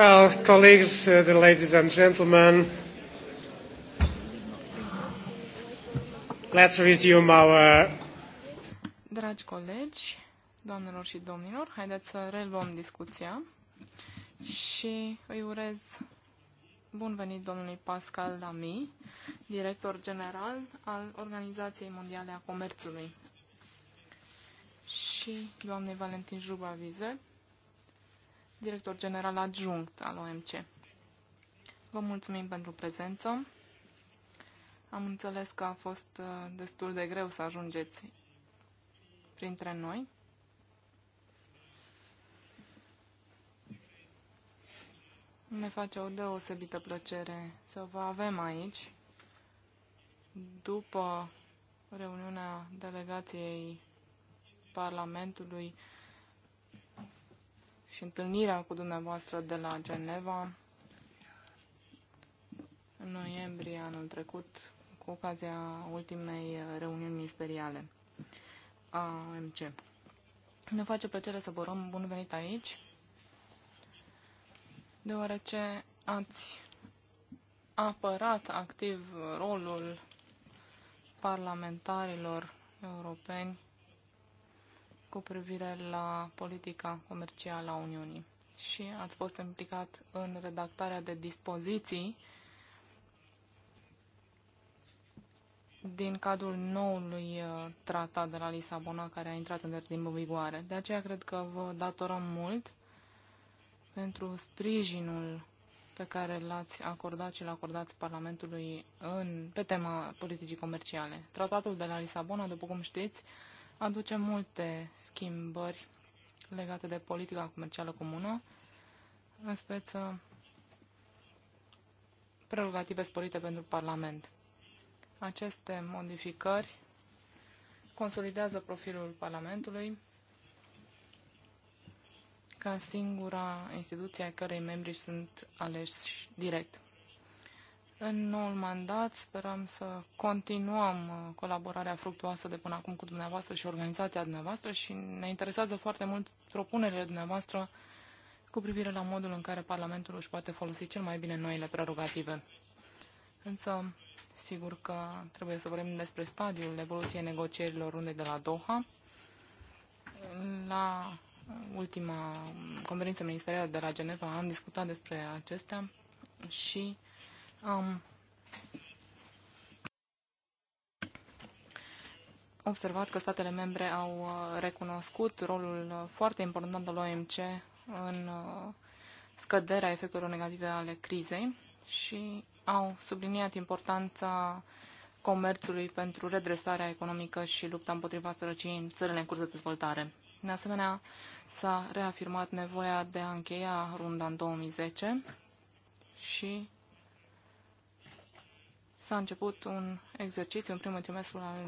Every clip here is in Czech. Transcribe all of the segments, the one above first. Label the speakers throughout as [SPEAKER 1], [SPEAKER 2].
[SPEAKER 1] Well, colleagues, uh, the ladies and gentlemen, let's resume our...
[SPEAKER 2] Dragi colegi, doamnelor și domnilor, haideți să reluăm discuția și îi urez bun venit domnului Pascal Lamy, director general al Organizației Mondiale a Comerțului și doamnei Valentin Juba Vize, director general adjunct al OMC. Vă mulțumim pentru prezență. Am înțeles că a fost uh, destul de greu să ajungeți printre noi. Ne face o deosebită plăcere să vă avem aici după reuniunea delegației Parlamentului și întâlnirea cu dumneavoastră de la Geneva în noiembrie anul trecut cu ocazia ultimei reuniuni ministeriale a MC. Ne face plăcere să vă urăm bun venit aici, deoarece ați apărat activ rolul parlamentarilor europeni cu privire la politica comercială a Uniunii și ați fost implicat în redactarea de dispoziții din cadrul noului uh, tratat de la Lisabona care a intrat în timp în vigoare. De aceea cred că vă datorăm mult pentru sprijinul pe care l-ați acordat și l-acordați Parlamentului în, pe tema politicii comerciale. Tratatul de la Lisabona, după cum știți, aduce multe schimbări legate de politica comercială comună, în speță prerogative sporite pentru Parlament. Aceste modificări consolidează profilul Parlamentului ca singura instituție a cărei membri sunt aleși direct. În noul mandat sperăm să continuăm uh, colaborarea fructuoasă de până acum cu dumneavoastră și organizația dumneavoastră și ne interesează foarte mult propunerile dumneavoastră cu privire la modul în care Parlamentul își poate folosi cel mai bine noile prerogative. Însă, sigur că trebuie să vorbim despre stadiul evoluției negocierilor unde de la Doha. La ultima um, conferință ministerială de la Geneva am discutat despre acestea și um, observat că statele membre au uh, recunoscut rolul uh, foarte important al OMC în uh, scăderea efectelor negative ale crizei și au subliniat importanța comerțului pentru redresarea economică și lupta împotriva sărăciei în țările în curs de dezvoltare. De asemenea, s-a reafirmat nevoia de a încheia runda în 2010 și s-a început un exercițiu în primul trimestru al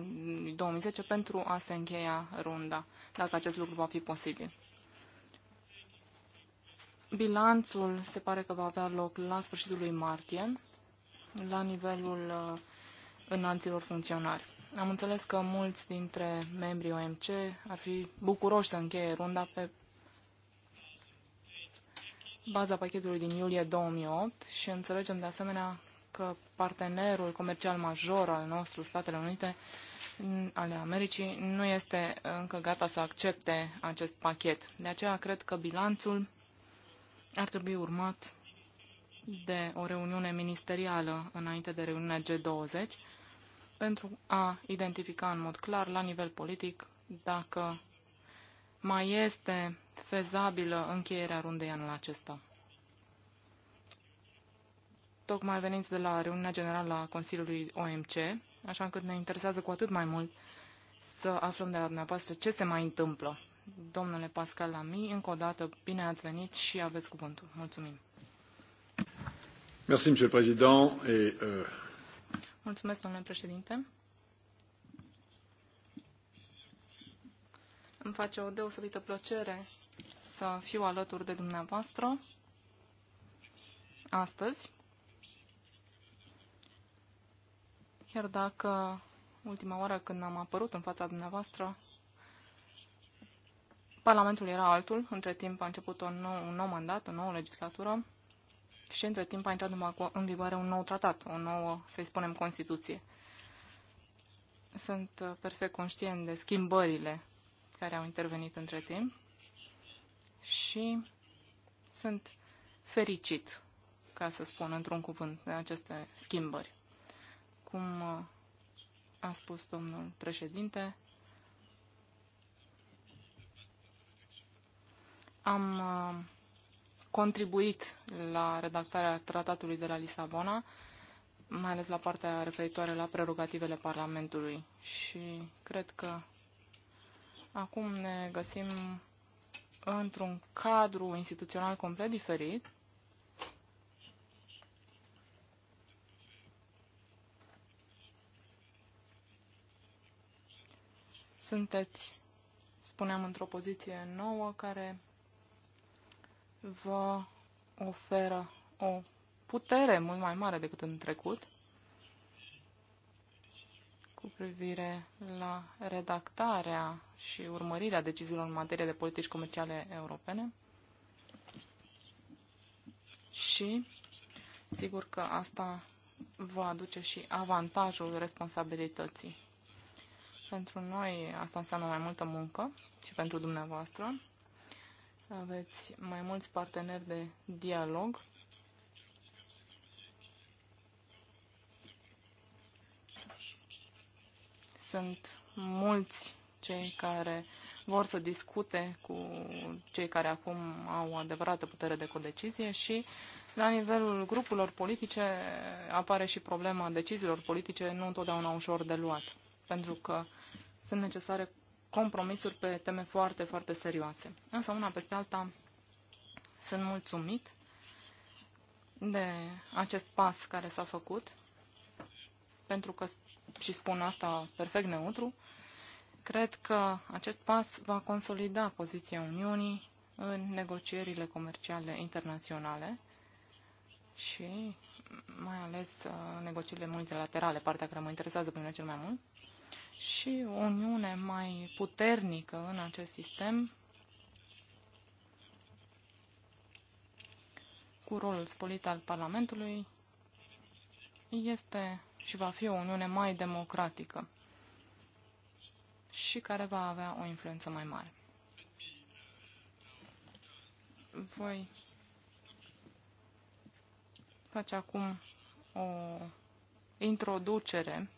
[SPEAKER 2] 2010 pentru a se încheia runda, dacă acest lucru va fi posibil. Bilanțul se pare că va avea loc la sfârșitul lui martie, la nivelul uh, înalților funcționari. Am înțeles că mulți dintre membrii OMC ar fi bucuroși să încheie runda pe baza pachetului din iulie 2008 și înțelegem de asemenea că partenerul comercial major al nostru, Statele Unite mm, ale Americii, nu este încă gata să accepte acest pachet. De aceea cred că bilanțul ar trebui urmat de o reuniune ministerială înainte de reuniunea G20 pentru a identifica în mod clar la nivel politic dacă mai este fezabilă încheierea rundei anul acesta tocmai veniți de la reuniunea generală a Consiliului OMC, așa încât ne interesează cu atât mai mult să aflăm de la dumneavoastră ce se mai întâmplă. Domnule Pascal Lamy, încă o dată bine ați venit și aveți cuvântul. Mulțumim.
[SPEAKER 3] Merci, monsieur le président. Et, euh...
[SPEAKER 2] Mulțumesc, domnule președinte. Îmi face o deosebită plăcere să fiu alături de dumneavoastră astăzi Chiar dacă ultima oară când am apărut în fața dumneavoastră, Parlamentul era altul, între timp a început un nou, un nou mandat, o nouă legislatură și între timp a intrat în vigoare un nou tratat, o nouă, să-i spunem, Constituție. Sunt uh, perfect conștient de schimbările care au intervenit între timp și sunt fericit, ca să spun într-un cuvânt, de aceste schimbări cum a spus domnul președinte, am contribuit la redactarea tratatului de la Lisabona, mai ales la partea referitoare la prerogativele Parlamentului. Și cred că acum ne găsim într-un cadru instituțional complet diferit sunteți, spuneam, într-o poziție nouă care vă oferă o putere mult mai mare decât în trecut cu privire la redactarea și urmărirea deciziilor în materie de politici comerciale europene și sigur că asta vă aduce și avantajul responsabilității. Pentru noi asta înseamnă mai multă muncă și pentru dumneavoastră. Aveți mai mulți parteneri de dialog. Sunt mulți cei care vor să discute cu cei care acum au o adevărată putere de codecizie și la nivelul grupurilor politice apare și problema deciziilor politice, nu întotdeauna ușor de luat pentru că sunt necesare compromisuri pe teme foarte, foarte serioase. Însă una peste alta sunt mulțumit de acest pas care s-a făcut, pentru că, și spun asta perfect neutru, cred că acest pas va consolida poziția Uniunii în negocierile comerciale internaționale și mai ales uh, negocierile multilaterale, partea care mă interesează pe mine cel mai mult și o uniune mai puternică în acest sistem cu rolul spolit al Parlamentului este și va fi o uniune mai democratică și care va avea o influență mai mare. Voi face acum o introducere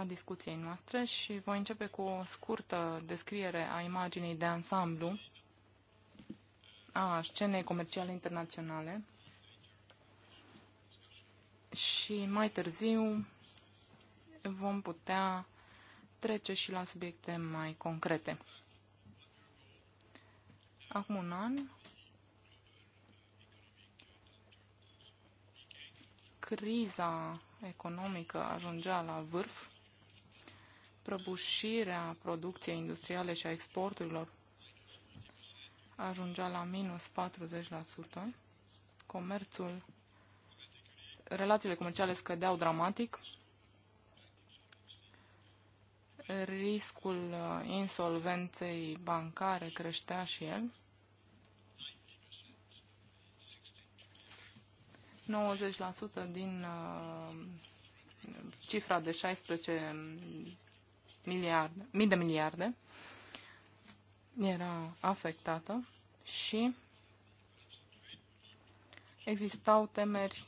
[SPEAKER 2] a discuției noastre și voi începe cu o scurtă descriere a imaginii de ansamblu a scenei comerciale internaționale și mai târziu vom putea trece și la subiecte mai concrete. Acum un an, criza economică ajungea la vârf prăbușirea producției industriale și a exporturilor ajungea la minus 40%, comerțul, relațiile comerciale scădeau dramatic, riscul uh, insolvenței bancare creștea și el, 90% din uh, cifra de 16 miliarde, mii de miliarde era afectată și existau temeri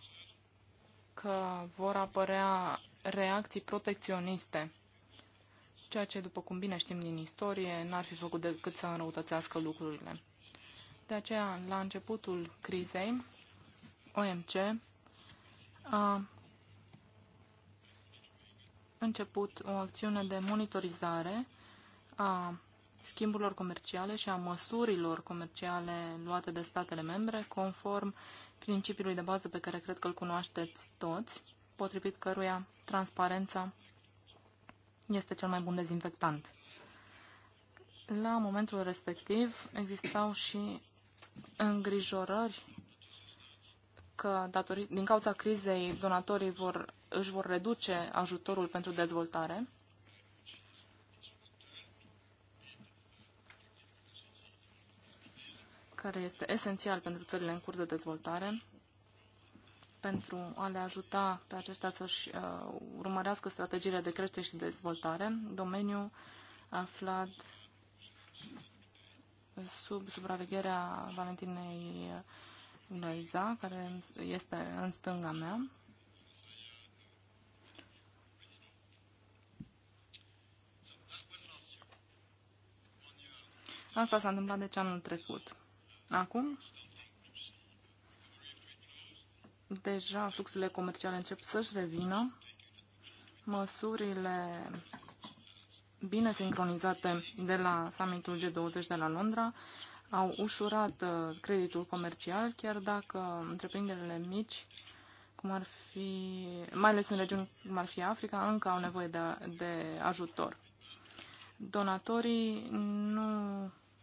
[SPEAKER 2] că vor apărea reacții protecționiste, ceea ce, după cum bine știm din istorie, n-ar fi făcut decât să înrăutățească lucrurile. De aceea, la începutul crizei, OMC a început o acțiune de monitorizare a schimburilor comerciale și a măsurilor comerciale luate de statele membre, conform principiului de bază pe care cred că îl cunoașteți toți, potrivit căruia transparența este cel mai bun dezinfectant. La momentul respectiv existau și îngrijorări că datori, din cauza crizei donatorii vor, își vor reduce ajutorul pentru dezvoltare. care este esențial pentru țările în curs de dezvoltare, pentru a le ajuta pe aceștia să-și uh, urmărească strategiile de creștere și dezvoltare, domeniu aflat sub supravegherea Valentinei uh, lui care este în stânga mea. Asta s-a întâmplat deci anul trecut. Acum, deja fluxurile comerciale încep să-și revină. Măsurile bine sincronizate de la summitul G20 de la Londra au ușurat uh, creditul comercial, chiar dacă întreprinderile mici, cum ar fi, mai ales în regiuni cum ar fi Africa, încă au nevoie de, de ajutor. Donatorii nu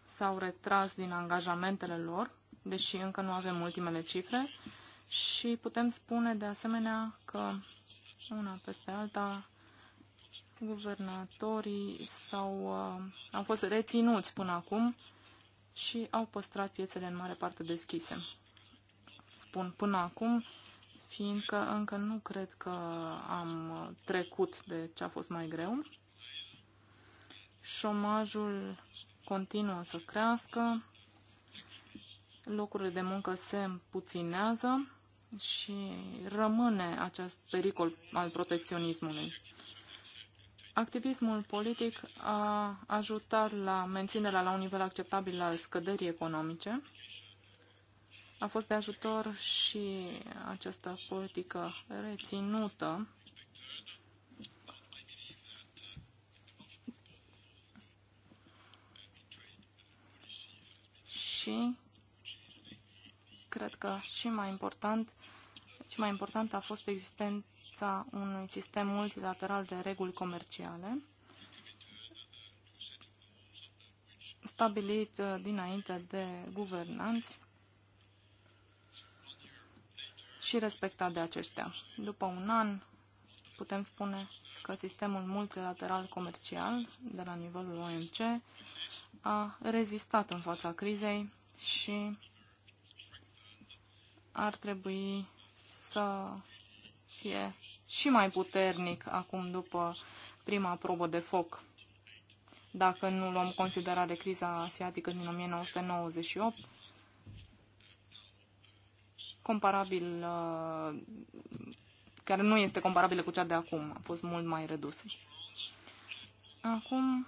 [SPEAKER 2] s-au retras din angajamentele lor, deși încă nu avem ultimele cifre, și putem spune de asemenea că una peste alta guvernatorii s-au, uh, au fost reținuți până acum uh, și au păstrat piețele în mare parte deschise. Spun până acum, fiindcă încă nu cred că am trecut de ce a fost mai greu. Șomajul continuă să crească, locurile de muncă se împuținează și rămâne acest pericol al protecționismului. Activismul politic a ajutat la menținerea la un nivel acceptabil al scăderii economice. A fost de ajutor și această politică reținută și cred că și mai important și mai important a fost existent, lipsa unui sistem multilateral de reguli comerciale stabilit uh, dinainte de guvernanți și respectat de aceștia. După un an, putem spune că sistemul multilateral comercial de la nivelul OMC a rezistat în fața crizei și ar trebui să e și mai puternic acum după prima probă de foc. Dacă nu luăm considerare criza asiatică din 1998, comparabil, uh, care nu este comparabilă cu cea de acum, a fost mult mai redusă. Acum,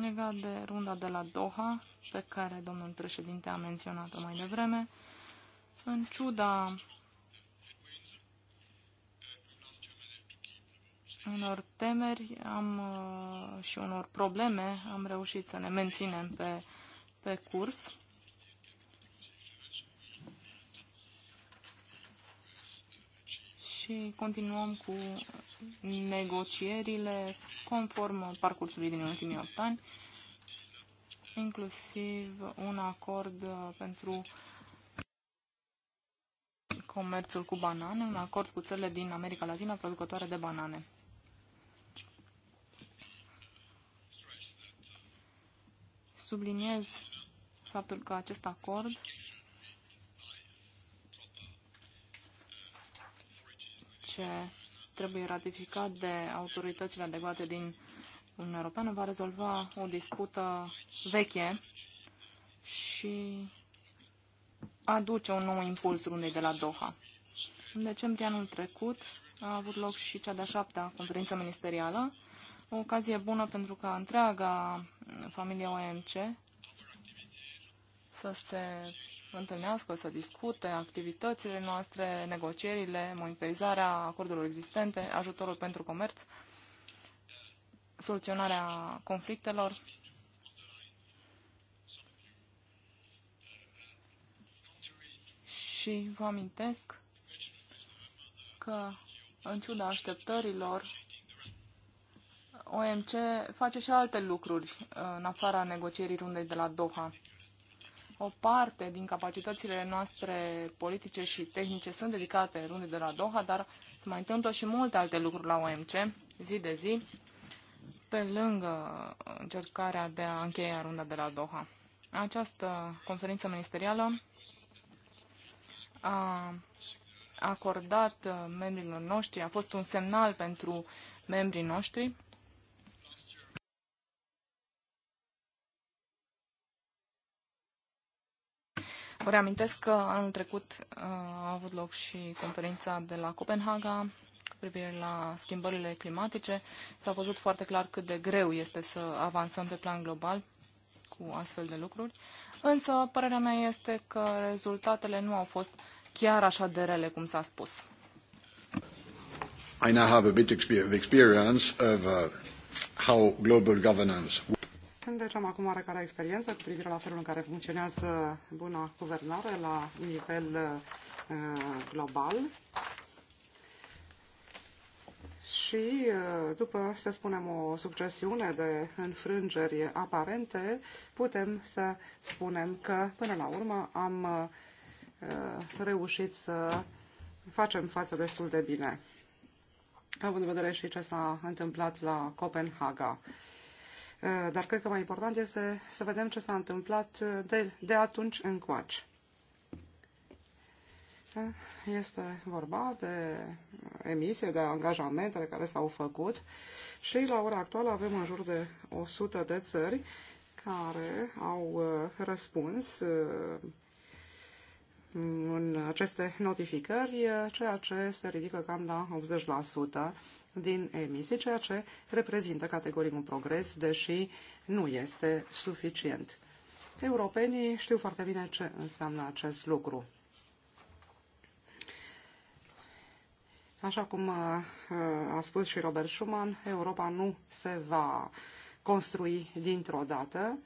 [SPEAKER 2] legat de runda de la Doha, pe care domnul președinte a menționat-o mai devreme, în ciuda unor temeri am, uh, și unor probleme am reușit să ne menținem pe, pe curs. Și continuăm cu negocierile conform parcursului din ultimii 8 ani, inclusiv un acord uh, pentru comerțul cu banane, un acord cu țările din America Latina producătoare de banane. subliniez faptul că acest acord ce trebuie ratificat de autoritățile adecvate din Uniunea Europeană va rezolva o dispută veche și aduce un nou impuls rundei de la Doha. În decembrie anul trecut a avut loc și cea de-a șaptea conferință ministerială o ocazie bună pentru ca întreaga familie OMC să se întâlnească, să discute activitățile noastre, negocierile, monitorizarea acordurilor existente, ajutorul pentru comerț, soluționarea conflictelor. Și vă amintesc că, în ciuda așteptărilor OMC face și alte lucruri uh, în afara negocierii rundei de la Doha. O parte din capacitățile noastre politice și tehnice sunt dedicate rundei de la Doha, dar se mai întâmplă și multe alte lucruri la OMC, zi de zi, pe lângă încercarea de a încheia runda de la Doha. Această conferință ministerială a acordat uh, membrilor noștri, a fost un semnal pentru membrii noștri Vă reamintesc că anul trecut uh, a avut loc și conferința de la Copenhaga cu privire la schimbările climatice. S-a văzut foarte clar cât de greu este să avansăm pe plan global cu astfel de lucruri. Însă, părerea mea este că rezultatele nu au fost chiar așa de rele cum s-a spus.
[SPEAKER 3] I now have a bit of experience of uh, how global governance works.
[SPEAKER 1] Când deci am acum oarecare experiență cu privire la felul în care funcționează buna guvernare la nivel uh, global. Și uh, după, să spunem, o succesiune de înfrângeri aparente, putem să spunem că, până la urmă, am uh, reușit să facem față destul de bine, având în vedere și ce s-a întâmplat la Copenhaga. Uh, Eh, dar cred că mai important este să vedem ce s-a întâmplat de, de atunci încoace. Eh, este vorba de emisie, de angajamentele care s-au făcut și la ora actuală avem în jur de 100 de țări care au eh, răspuns în aceste notificări, ceea ce se ridică cam la 80% din emisie, ceea ce reprezintă categoric un progres, deși nu este suficient. Europenii știu foarte bine ce înseamnă acest lucru. Așa cum a spus și Robert Schuman, Europa nu se va construi dintr-o dată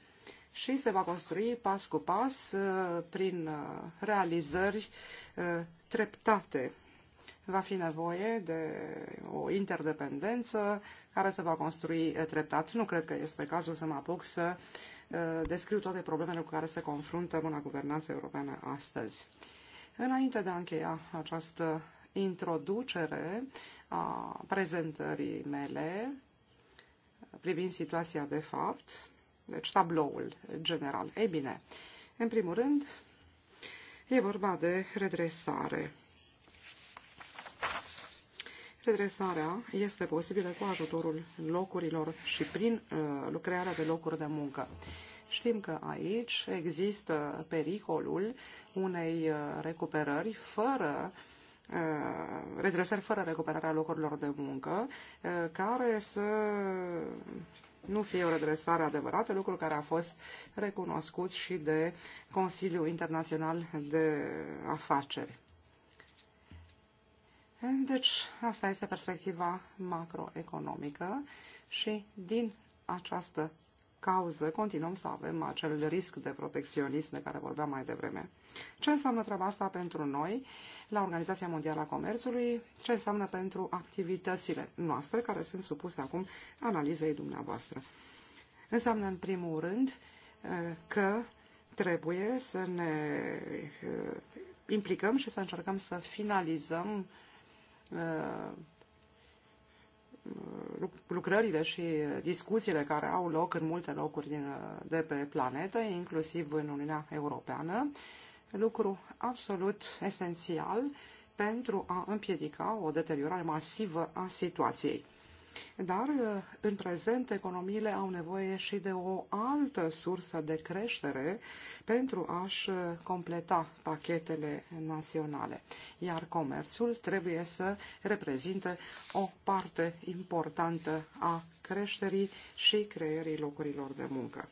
[SPEAKER 1] și se va construi pas cu pas uh, prin uh, realizări uh, treptate va fi nevoie de o interdependență care se va construi treptat. Nu cred că este cazul să mă apuc să uh, descriu toate problemele cu care se confruntă buna guvernanță europeană astăzi. Înainte de a încheia această introducere a prezentării mele privind situația de fapt, deci tabloul general. Ei bine, în primul rând, e vorba de redresare redresarea este posibilă cu ajutorul locurilor și prin uh, crearea de locuri de muncă. Știm că aici există pericolul unei uh, recuperări fără uh, redresări fără recuperarea locurilor de muncă, uh, care să nu fie o redresare adevărată, lucru care a fost recunoscut și de Consiliul Internațional de Afaceri. Deci, asta este perspectiva macroeconomică și din această cauză continuăm să avem acel risc de protecționism de care vorbeam mai devreme. Ce înseamnă treaba asta pentru noi la Organizația Mondială a Comerțului? Ce înseamnă pentru activitățile noastre care sunt supuse acum analizei dumneavoastră? Înseamnă în primul rând că trebuie să ne eh, implicăm și să încercăm să finalizăm lucrările și discuțiile care au loc în multe locuri din, de pe planetă, inclusiv în Uniunea Europeană, lucru absolut esențial pentru a împiedica o deteriorare masivă a situației. Dar, uh, în prezent, economiile au nevoie și de o altă sursă de creștere pentru a-și uh, completa pachetele naționale. Iar comerțul trebuie să reprezinte o parte importantă a creșterii și creierii locurilor de muncă.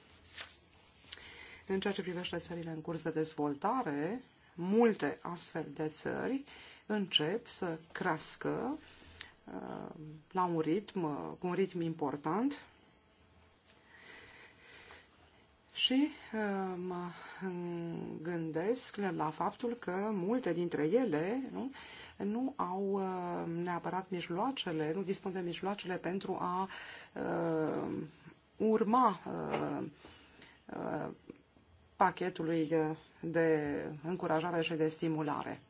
[SPEAKER 1] În ceea ce privește țările în curs de dezvoltare, multe astfel de țări încep să crească Uh, la un ritm, cu un ritm important și uh, mă gândesc la faptul că multe dintre ele nu, nu au uh, neapărat mijloacele, nu dispun de mijloacele pentru a uh, urma uh, pachetului de încurajare și de stimulare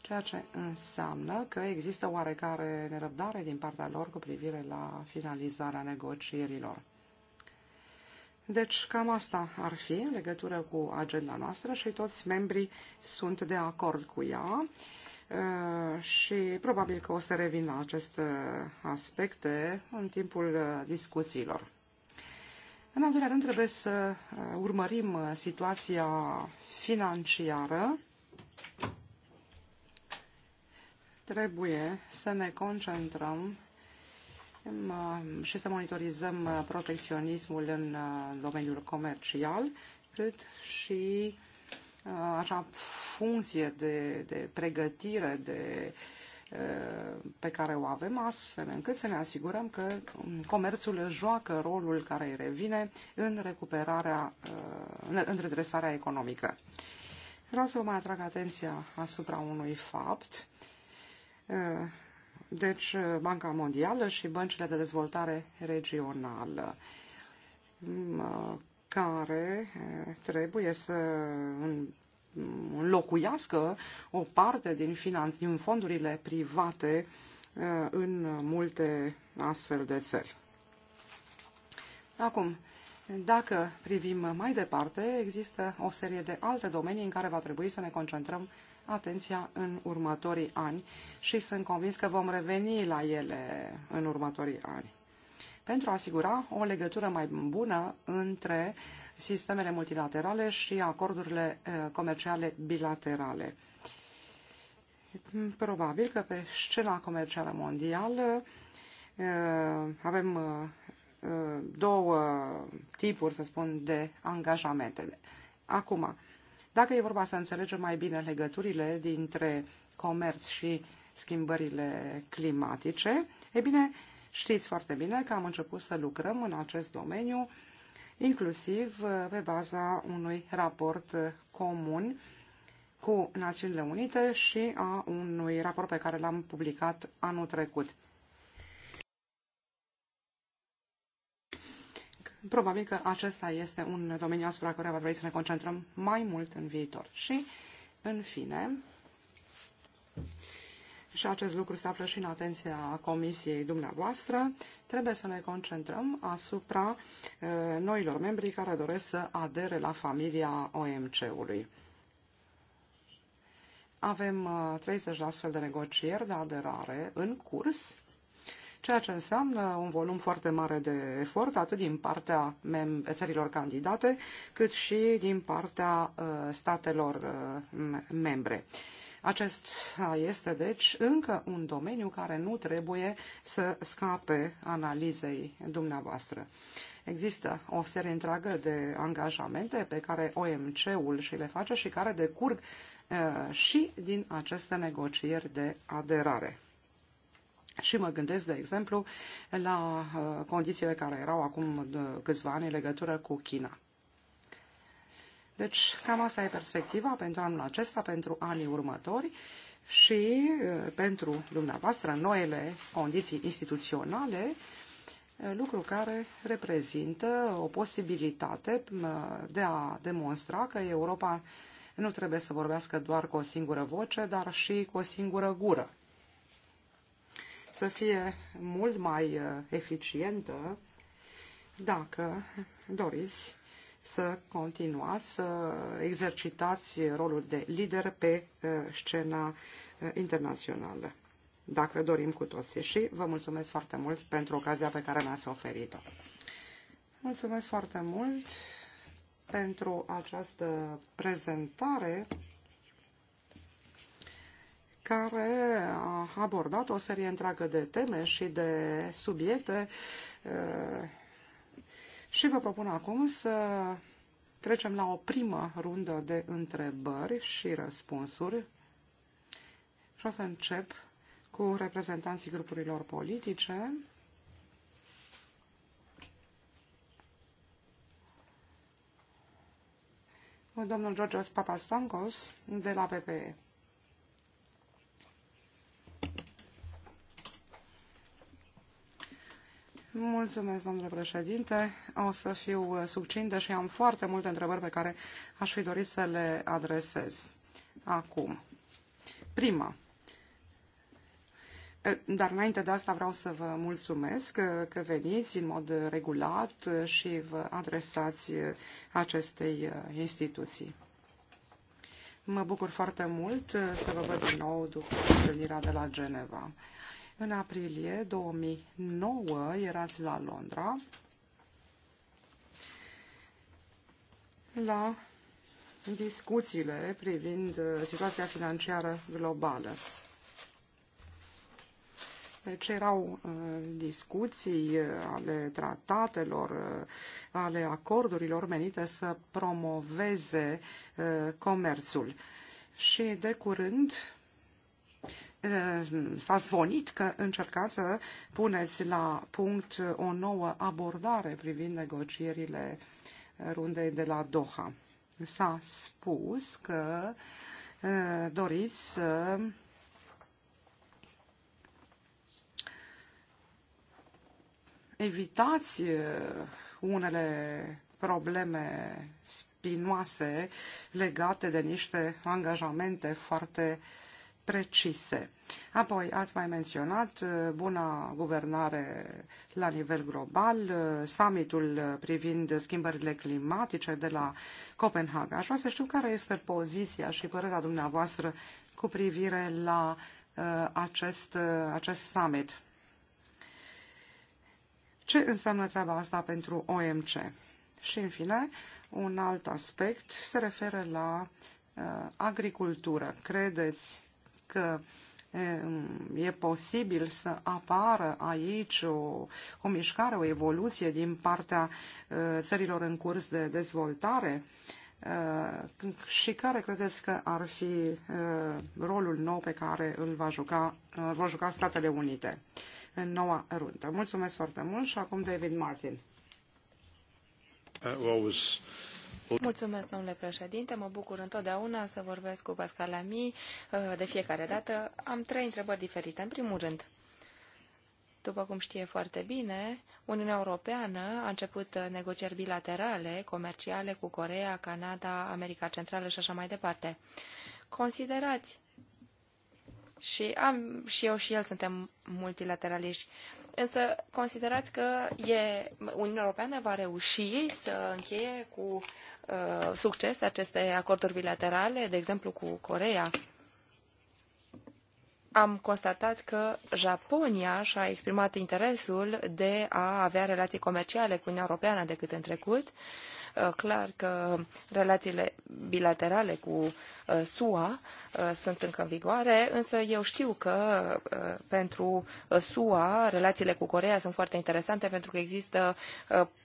[SPEAKER 1] ceea ce înseamnă că există oarecare nerăbdare din partea lor cu privire la finalizarea negocierilor. Deci cam asta ar fi în legătură cu agenda noastră și toți membrii sunt de acord cu ea uh, și probabil că o să revin la aceste aspecte în timpul uh, discuțiilor. În al doilea rând trebuie să uh, urmărim situația financiară Trebuie să ne concentrăm și să monitorizăm protecționismul în domeniul comercial, cât și așa funcție de, de pregătire de, e, pe care o avem astfel încât să ne asigurăm că comerțul joacă rolul care îi revine în recuperarea, e, în redresarea economică. Vreau să vă mai atrag atenția asupra unui fapt Eh, deci, eh, Banca Mondială și băncile de dezvoltare regională mm, eh, care trebuie să înlocuiască o parte din, finanț, din fondurile private în multe astfel de țări. Acum, dacă privim mai departe, există o serie de alte domenii în care va trebui să ne concentrăm atenția în următorii ani și sunt convins că vom reveni la ele în următorii ani pentru a asigura o legătură mai bună între sistemele multilaterale și acordurile eh, comerciale bilaterale. Probabil că pe scena comercială mondială eh, avem eh, două tipuri, să spun, de angajamente. Acum, Dacă e vorba să înțelegem mai bine legăturile dintre comerț și schimbările climatice, e bine, știți foarte bine că am început să lucrăm în acest domeniu, inclusiv uh, pe baza unui raport uh, comun cu Națiunile Unite și a unui raport pe care l-am publicat anul trecut. probabil că acesta este un domeniu asupra care va trebui să ne concentrăm mai mult în viitor. Și, în fine, și acest lucru se află și în atenția comisiei dumneavoastră, trebuie să ne concentrăm asupra uh, noilor membri care doresc să adere la familia OMC-ului. Avem 30 de astfel de negocieri de aderare în curs ceea ce înseamnă un volum foarte mare de efort, atât din partea țărilor candidate, cât și din partea uh, statelor uh, membre. Acest este, deci, încă un domeniu care nu trebuie să scape analizei dumneavoastră. Există o serie întreagă de angajamente pe care OMC-ul și le face și care decurg uh, și din aceste negocieri de aderare. Și mă gândesc, de exemplu, la uh, condițiile care erau acum uh, câțiva ani în legătură cu China. Deci, cam asta e perspectiva pentru anul acesta, pentru anii următori și uh, pentru dumneavoastră noile condiții instituționale, lucru care reprezintă o posibilitate de a demonstra că Europa nu trebuie să vorbească doar cu o singură voce, dar și cu o singură gură să fie mult mai uh, eficientă dacă doriți să continuați să exercitați rolul de lider pe uh, scena uh, internațională, dacă dorim cu toții. Și vă mulțumesc foarte mult pentru ocazia pe care mi-ați oferit-o. Mulțumesc foarte mult pentru această prezentare care a abordat o serie întreagă de teme și de subiecte e, și vă propun acum să trecem la o primă rundă de întrebări și răspunsuri și o să încep cu reprezentanții grupurilor politice. domnul George Papastamkos de la PPE. Mulțumesc, domnule președinte. O să fiu uh, succint, deși am foarte multe întrebări pe care aș fi dorit să le adresez acum. Prima. Uh, dar înainte de asta vreau să vă mulțumesc uh, că veniți în mod regulat și vă adresați acestei instituții. Mă bucur foarte mult să vă văd din nou după întâlnirea de la Geneva. În aprilie 2009 erați la Londra la discuțiile privind uh, situația financiară globală. Deci erau uh, discuții uh, ale tratatelor, ale acordurilor menite să promoveze comerțul. Și de curând Eh, s-a zvonit că încercați să puneți la punct o nouă abordare privind negocierile rundei de la Doha. S-a spus că eh, doriți să evitați eh, unele probleme spinoase legate de niște angajamente foarte uh, precise. Apoi, ați mai menționat uh, buna guvernare la nivel global, uh, summitul uh, privind schimbările climatice de la Copenhaga. Aș vrea să știu care este poziția și părerea dumneavoastră cu privire la acest, acest summit. Ce înseamnă treaba asta pentru OMC? Și, în fine, un alt aspect se referă la uh, agricultură. Credeți că e posibil să apară aici o, o mișcare, o evoluție din partea e, țărilor în curs de dezvoltare? E, și care credeți că ar fi e, rolul nou pe care îl va juca, îl va juca Statele Unite în noua rundă? Mulțumesc foarte mult și acum David Martin.
[SPEAKER 2] Uh, well, was
[SPEAKER 3] Mulțumesc, domnule președinte. Mă bucur întotdeauna să vorbesc cu Pascal Lamy. Uh, de fiecare dată am trei întrebări diferite. În primul rând, după cum știe foarte bine, Uniunea Europeană a început negocieri bilaterale, comerciale cu Corea, Canada, America Centrală și așa mai departe. Considerați și am și eu și el suntem multilateraliști însă considerați că e, Uniunea Europeană va reuși să încheie cu uh, succes aceste acorduri bilaterale, de exemplu cu Corea? am constatat că Japonia și-a exprimat interesul de a avea relații comerciale cu Uniunea Europeană decât în trecut. Uh, Uh, clar că relațiile bilaterale cu uh, SUA uh, sunt încă în vigoare, însă eu știu că pentru SUA relațiile cu Coreea sunt foarte interesante pentru că există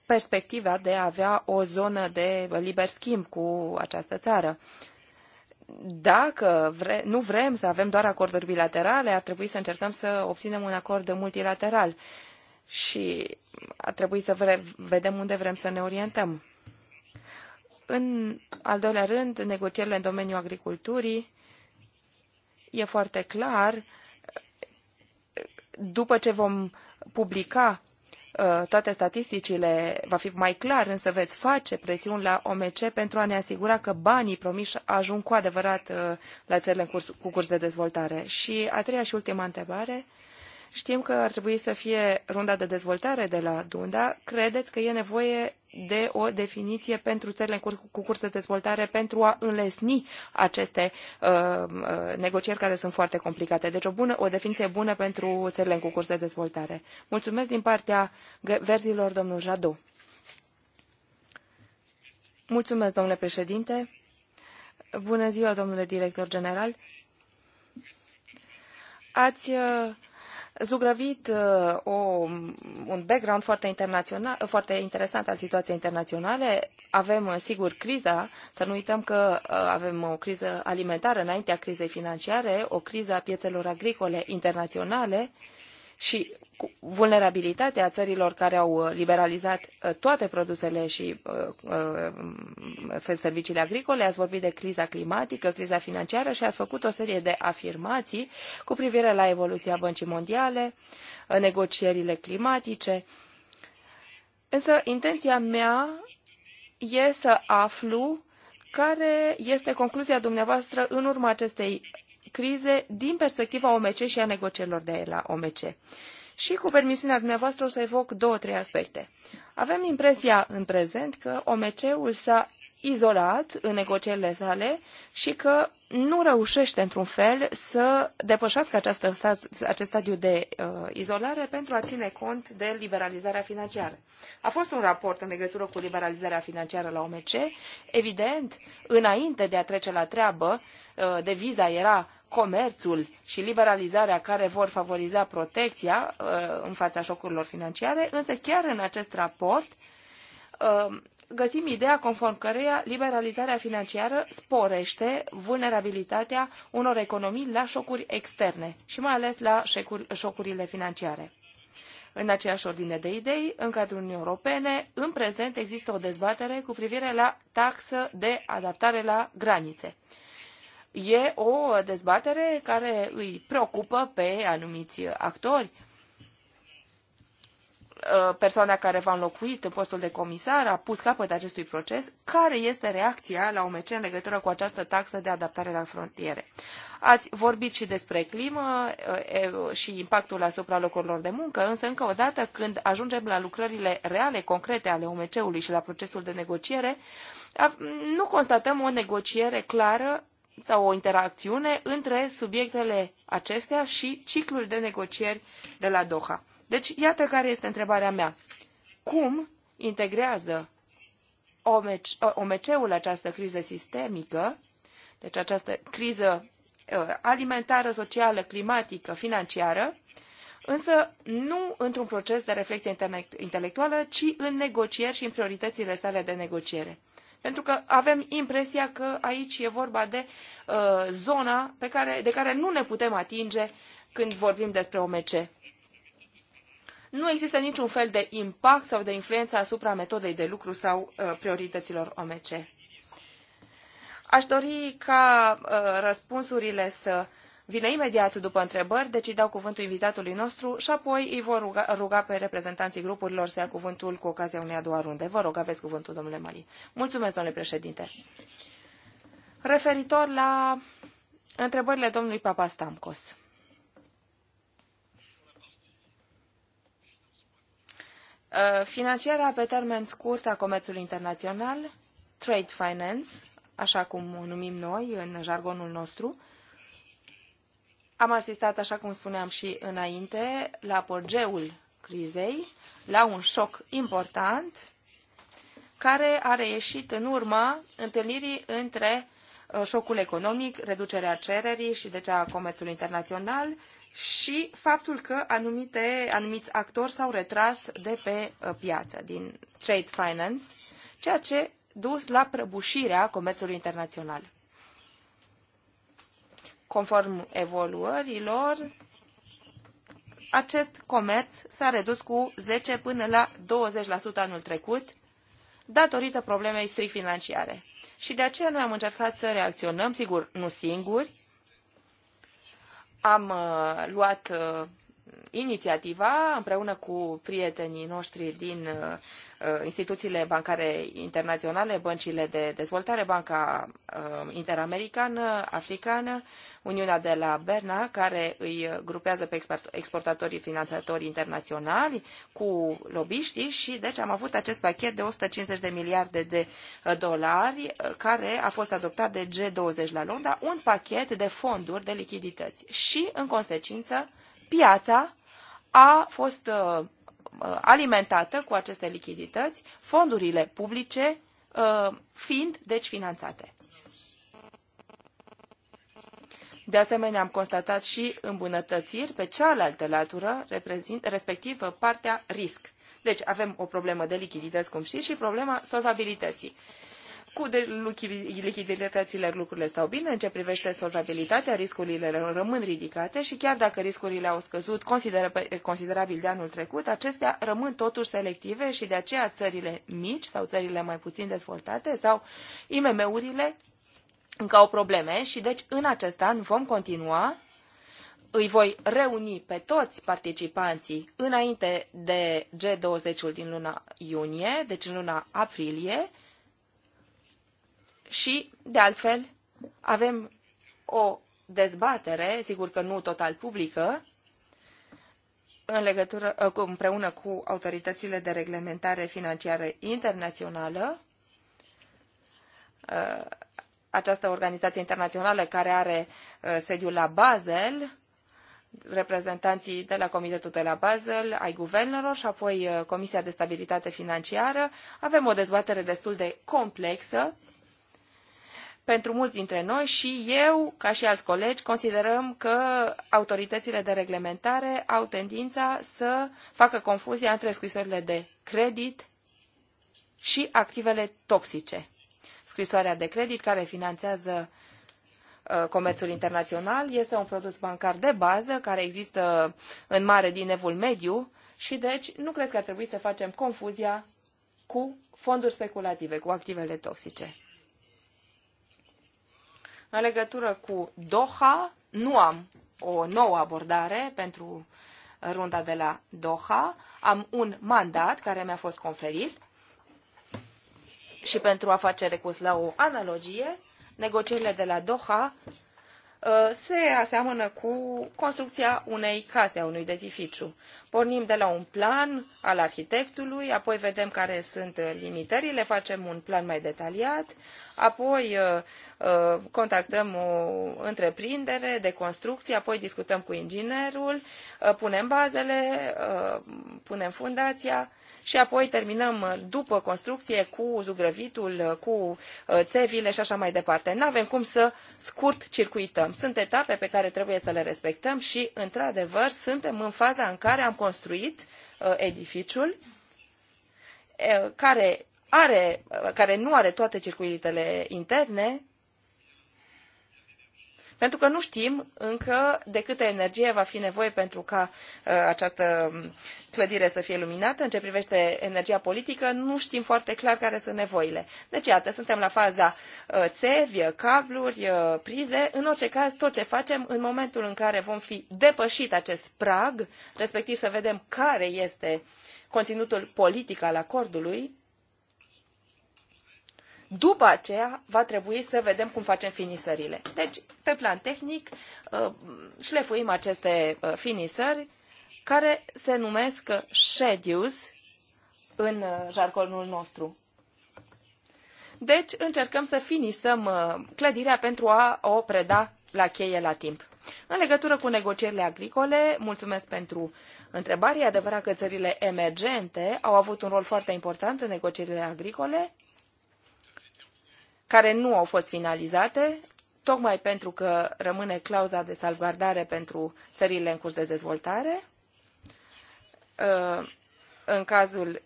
[SPEAKER 3] perspectiva de a avea o zonă de liber schimb cu această țară dacă vre, nu vrem să avem doar acorduri bilaterale, ar trebui să încercăm să obținem un acord multilateral și ar trebui să vedem unde vrem să ne orientăm. În al doilea rând, negocierile în domeniul agriculturii. E foarte clar, după ce vom publica uh, toate statisticile, va fi mai clar, însă veți face presiuni la OMC pentru a ne asigura că banii promiși ajung cu adevărat uh, la țările curs, cu curs de dezvoltare. Și a treia și ultima întrebare. Știm că ar trebui să fie runda de dezvoltare de la Dunda. Credeți că e nevoie de o definiție pentru țările cu curs de dezvoltare pentru a înlesni aceste uh, uh, negocieri care sunt foarte complicate. Deci o, bună, o definiție bună pentru țările cu curs de dezvoltare. Mulțumesc din partea verzilor, domnul Jadot. Mulțumesc, domnule președinte. Bună ziua, domnule director general. Ați uh, zugrăvit uh, o, un background foarte, internațional, foarte interesant al situației internaționale. Avem, uh, sigur, criza, să nu uităm că uh, avem o criză alimentară înaintea crizei financiare, o criză a piețelor agricole internaționale și vulnerabilitatea țărilor care au uh, liberalizat uh, toate produsele și uh, um, serviciile agricole, ați vorbit de criza climatică, criza financiară și ați făcut o serie de afirmații cu privire la evoluția băncii mondiale, negocierile climatice. Însă intenția mea e să aflu care este concluzia dumneavoastră în urma acestei crize din perspectiva OMC și a negocierilor de la OMC. Și cu permisiunea dumneavoastră o să evoc două, trei aspecte. Avem impresia în prezent că OMC-ul s-a izolat în negocierile sale și că nu reușește într-un fel să depășească această, acest stadiu de uh, izolare pentru a ține cont de liberalizarea financiară. A fost un raport în legătură cu liberalizarea financiară la OMC. Evident, înainte de a trece la treabă, uh, deviza era comerțul și liberalizarea care vor favoriza protecția uh, în fața șocurilor financiare, însă chiar în acest raport uh, găsim ideea conform căreia liberalizarea financiară sporește vulnerabilitatea unor economii la șocuri externe și mai ales la șocurile financiare. În aceeași ordine de idei, în cadrul Uniunii Europene, în prezent există o dezbatere cu privire la taxă de adaptare la granițe e o dezbatere care îi preocupă pe anumiți actori. Persoana care v-a înlocuit în postul de comisar a pus capăt acestui proces. Care este reacția la OMC în legătură cu această taxă de adaptare la frontiere? Ați vorbit și despre climă e, și impactul asupra locurilor de muncă, însă încă o dată când ajungem la lucrările reale, concrete ale OMC-ului și la procesul de negociere, nu constatăm o negociere clară sau o interacțiune între subiectele acestea și ciclul de negocieri de la Doha. Deci, iată care este întrebarea mea. Cum integrează OMC-ul această criză sistemică, deci această criză alimentară, socială, climatică, financiară, însă nu într-un proces de reflexie intelectuală, ci în negocieri și în prioritățile sale de negociere. Pentru că avem impresia că aici e vorba de uh, zona pe care, de care nu ne putem atinge când vorbim despre OMC. Nu există niciun fel de impact sau de influență asupra metodei de lucru sau uh, priorităților OMC. Aș dori ca uh, răspunsurile să uh, Vine imediat după întrebări, deci îi dau cuvântul invitatului nostru și apoi îi vor ruga, ruga pe reprezentanții grupurilor să ia cuvântul cu ocazia unei a doua runde. Vă rog, aveți cuvântul, domnule Mali. Mulțumesc, domnule președinte. Referitor la întrebările domnului Papa Stamcos. Uh, Financiarea pe termen scurt a comerțului internațional, trade finance, așa cum o numim noi în jargonul nostru, Am asistat, așa cum spuneam și înainte, la apogeul crizei, la un șoc important care a reieșit în urma întâlnirii între uh, șocul economic, reducerea cererii și deci a comerțului internațional și faptul că anumite, anumiți actori s-au retras de pe uh, piață, din trade finance, ceea ce dus la prăbușirea comerțului internațional. Conform evoluărilor, acest comerț s-a redus cu 10 până la 20% anul trecut, datorită problemei strict financiare. Și de aceea noi am încercat să reacționăm, sigur, nu singuri. Am uh, luat uh, inițiativa, împreună cu prietenii noștri din uh, uh, instituțiile bancare internaționale, băncile de dezvoltare, Banca uh, Interamericană, Africană, Uniunea de la Berna, care îi grupează pe exportatorii finanțatori internaționali cu lobiștii și deci am avut acest pachet de 150 de miliarde de dolari care a fost adoptat de G20 la Londra, un pachet de fonduri de lichidități și, în consecință, piața a fost uh, uh, alimentată cu aceste lichidități, fondurile publice uh, fiind deci finanțate. De asemenea, am constatat și îmbunătățiri pe cealaltă latură, respectiv partea risc. Deci avem o problemă de lichidități, cum știți, și problema solvabilității. Uh, Cu lichiditățile lucrurile stau bine, în ce privește solvabilitatea, riscurile rămân ridicate și chiar dacă riscurile au scăzut considerabil de anul trecut, acestea rămân totuși selective și de aceea țările mici sau țările mai puțin dezvoltate sau IMM-urile încă au probleme și deci în acest an vom continua îi voi reuni pe toți participanții înainte de G20-ul din luna iunie, deci în luna aprilie, și, de altfel, avem o dezbatere, sigur că nu total publică, în legătură, împreună cu autoritățile de reglementare financiară internațională, această organizație internațională care are sediul la Basel, reprezentanții de la Comitetul de la Basel, ai guvernelor și apoi Comisia de Stabilitate Financiară. Avem o dezbatere destul de complexă pentru mulți dintre noi și eu, ca și alți colegi, considerăm că autoritățile de reglementare au tendința să facă confuzia între scrisorile de credit și activele toxice. Scrisoarea de credit care finanțează uh, comerțul internațional este un produs bancar de bază care există în mare din evul mediu și deci nu cred că ar trebui să facem confuzia cu fonduri speculative, cu activele toxice. În legătură cu Doha, nu am o nouă abordare pentru runda de la Doha. Am un mandat care mi-a fost conferit și pentru a face recurs la o analogie, negocierile de la Doha Uh, se aseamănă cu construcția unei case, a unui edificiu. Pornim de la un plan al arhitectului, apoi vedem care sunt uh, limitările, facem un plan mai detaliat, apoi uh, contactăm o întreprindere de construcție, apoi discutăm cu inginerul, punem bazele, punem fundația și apoi terminăm după construcție cu zugrăvitul, cu uh, țevile și așa mai departe. Nu avem cum să scurt circuităm. Sunt etape pe care trebuie să le respectăm și, într-adevăr, suntem în faza în care am construit uh, edificiul uh, care, are, care nu are toate circuitele interne, pentru că nu știm încă de câtă energie va fi nevoie pentru ca uh, această um, clădire să fie luminată. În ce privește energia politică, nu știm foarte clar care sunt nevoile. Deci, iată, suntem la faza uh, țevi, cabluri, uh, prize. În orice caz, tot ce facem în momentul în care vom fi depășit acest prag, respectiv să vedem care este conținutul politic al acordului, după aceea va trebui să vedem cum facem finisările. Deci, pe plan tehnic, uh, șlefuim aceste uh, finisări care se numesc schedules în uh, jargonul nostru. Deci, încercăm să finisăm clădirea pentru a o preda la cheie la timp. În legătură cu negocierile agricole, mulțumesc pentru întrebare. E adevărat că țările emergente au avut un rol foarte important în negocierile agricole care nu au fost finalizate, tocmai pentru că rămâne clauza de salvgardare pentru țările în curs de dezvoltare, uh, în cazul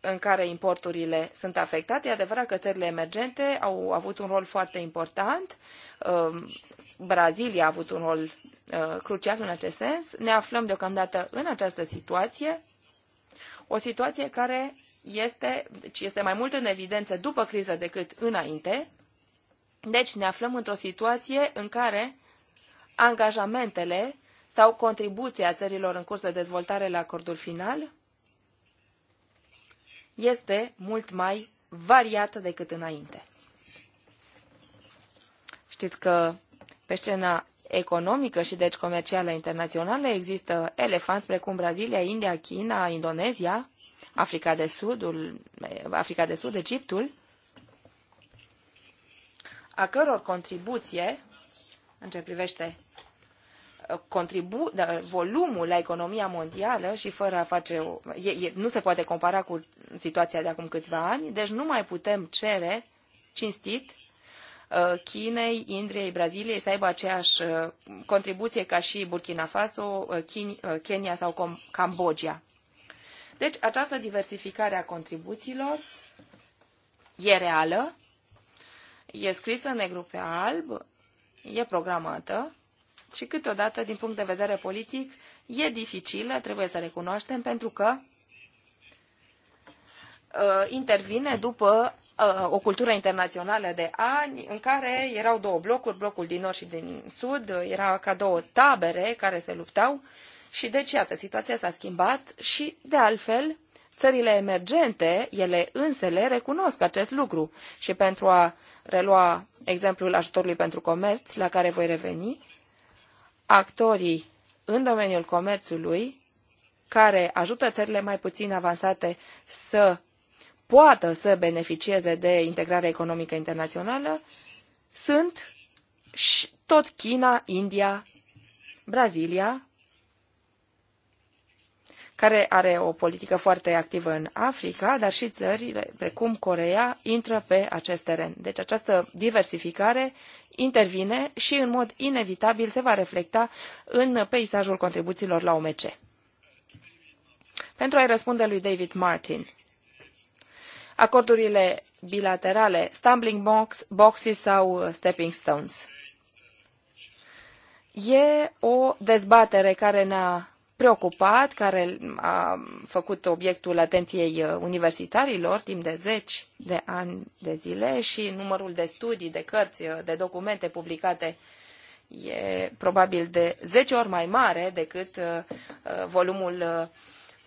[SPEAKER 3] în care importurile sunt afectate. E adevărat că țările emergente au avut un rol foarte important. Uh, Brazilia a avut un rol uh, crucial în acest sens. Ne aflăm deocamdată în această situație, o situație care este, este mai mult în evidență după criză decât înainte. Deci ne aflăm într-o situație în care angajamentele sau contribuția țărilor în curs de dezvoltare la acordul final este mult mai variată decât înainte. Știți că pe scena economică și deci comercială internațională, există elefanți precum Brazilia, India, China, Indonezia, Africa de, Sudul, Africa de Sud, Egiptul, a căror contribuție în ce privește uh, contribu- volumul la economia mondială și fără a face o, e, e, nu se poate compara cu situația de acum câțiva ani, deci nu mai putem cere cinstit Uh, Chinei, Indiei, Braziliei să aibă aceeași uh, contribuție ca și Burkina Faso, uh, Kenya sau Cambodgia. Deci această diversificare a contribuțiilor e reală, e scrisă în negru pe alb, e programată și câteodată, din punct de vedere politic, e dificilă, trebuie să recunoaștem, pentru că intervine după Uh, o cultură internațională de ani în care erau două blocuri, blocul din nord și din sud, era ca două tabere care se luptau și deci, iată, situația s-a schimbat și, de altfel, țările emergente, ele însele, recunosc acest lucru și pentru a relua exemplul ajutorului pentru comerț, la care voi reveni, actorii în domeniul comerțului care ajută țările mai puțin avansate să poată să beneficieze de integrare economică internațională sunt și tot China, India, Brazilia, care are o politică foarte activă în Africa, dar și țările precum Coreea intră pe acest teren. Deci această diversificare intervine și în mod inevitabil se va reflecta în peisajul contribuțiilor la OMC. Pentru a-i răspunde lui David Martin, acordurile bilaterale, stumbling box, boxes sau stepping stones. E o dezbatere care ne-a preocupat, care a făcut obiectul atenției universitarilor timp de zeci de ani de zile și numărul de studii, de cărți, de documente publicate e probabil de 10 ori mai mare decât uh, uh, volumul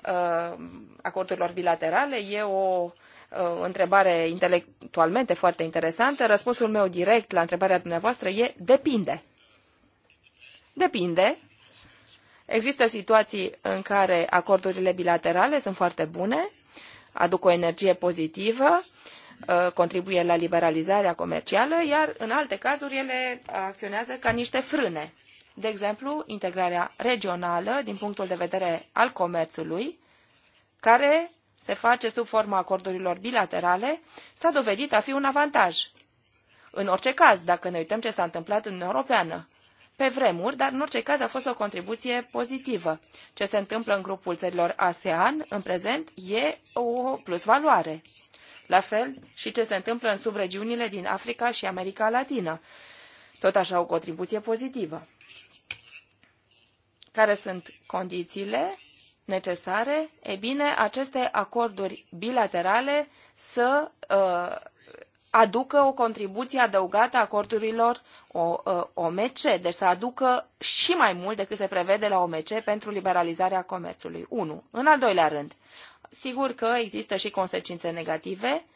[SPEAKER 3] uh, acordurilor bilaterale. E o o întrebare intelectualmente foarte interesantă. Răspunsul meu direct la întrebarea dumneavoastră e depinde. Depinde. Există situații în care acordurile bilaterale sunt foarte bune, aduc o energie pozitivă, contribuie la liberalizarea comercială, iar în alte cazuri ele acționează ca niște frâne. De exemplu, integrarea regională din punctul de vedere al comerțului, care se face sub forma acordurilor bilaterale, s-a dovedit a fi un avantaj. În orice caz, dacă ne uităm ce s-a întâmplat în Europeană, pe vremuri, dar în orice caz a fost o contribuție pozitivă. Ce se întâmplă în grupul țărilor ASEAN în prezent e o plusvaloare. La fel și ce se întâmplă în subregiunile din Africa și America Latină. Tot așa o contribuție pozitivă. Care sunt condițiile necesare, e bine, aceste acorduri bilaterale să uh, aducă o contribuție adăugată a acordurilor OMC, uh, deci să aducă și mai mult decât se prevede la OMC pentru liberalizarea comerțului. 1. În al doilea rând, sigur că există și consecințe negative, uh,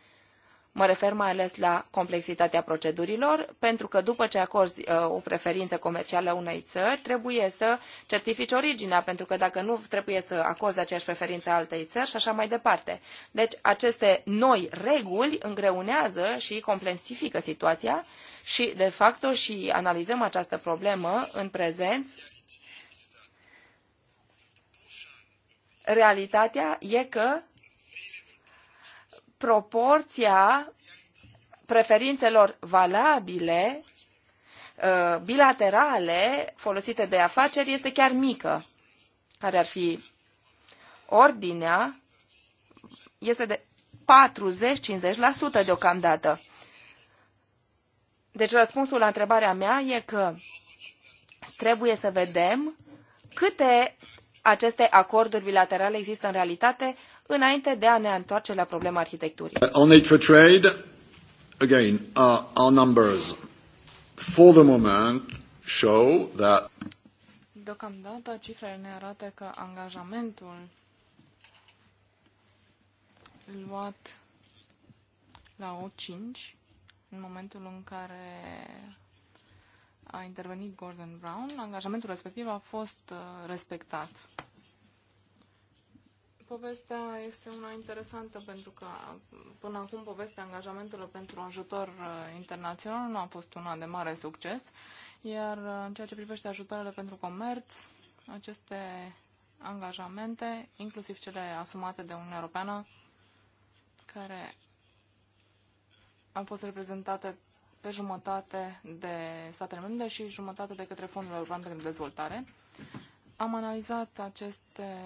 [SPEAKER 3] Mă refer mai ales la complexitatea procedurilor, pentru că după ce acorzi uh, o preferință comercială unei țări, trebuie să certifici originea, pentru că dacă nu, trebuie să acorzi aceeași preferință altei țări și așa mai departe. Deci aceste noi reguli îngreunează și complexifică situația și, de facto, și analizăm această problemă în prezent realitatea e că proporția preferințelor valabile, uh, bilaterale, folosite de afaceri, este chiar mică, care ar fi ordinea, este de 40-50% deocamdată. Deci răspunsul la întrebarea mea e că trebuie să vedem câte aceste acorduri bilaterale există în realitate înainte de a ne întoarce la problema arhitecturii. Uh, on aid for trade, again, uh, our numbers for the moment show that
[SPEAKER 2] Deocamdată cifrele ne arată că angajamentul luat la O5 în momentul în care a intervenit Gordon Brown, angajamentul respectiv a fost uh, respectat povestea este una interesantă pentru că până acum povestea angajamentelor pentru ajutor uh, internațional nu a fost una de mare succes, iar uh, în ceea ce privește ajutoarele pentru comerț, aceste angajamente, inclusiv cele asumate de Uniunea Europeană, care au fost reprezentate pe jumătate de statele membre și jumătate de către Fondul European pentru Dezvoltare. Am analizat aceste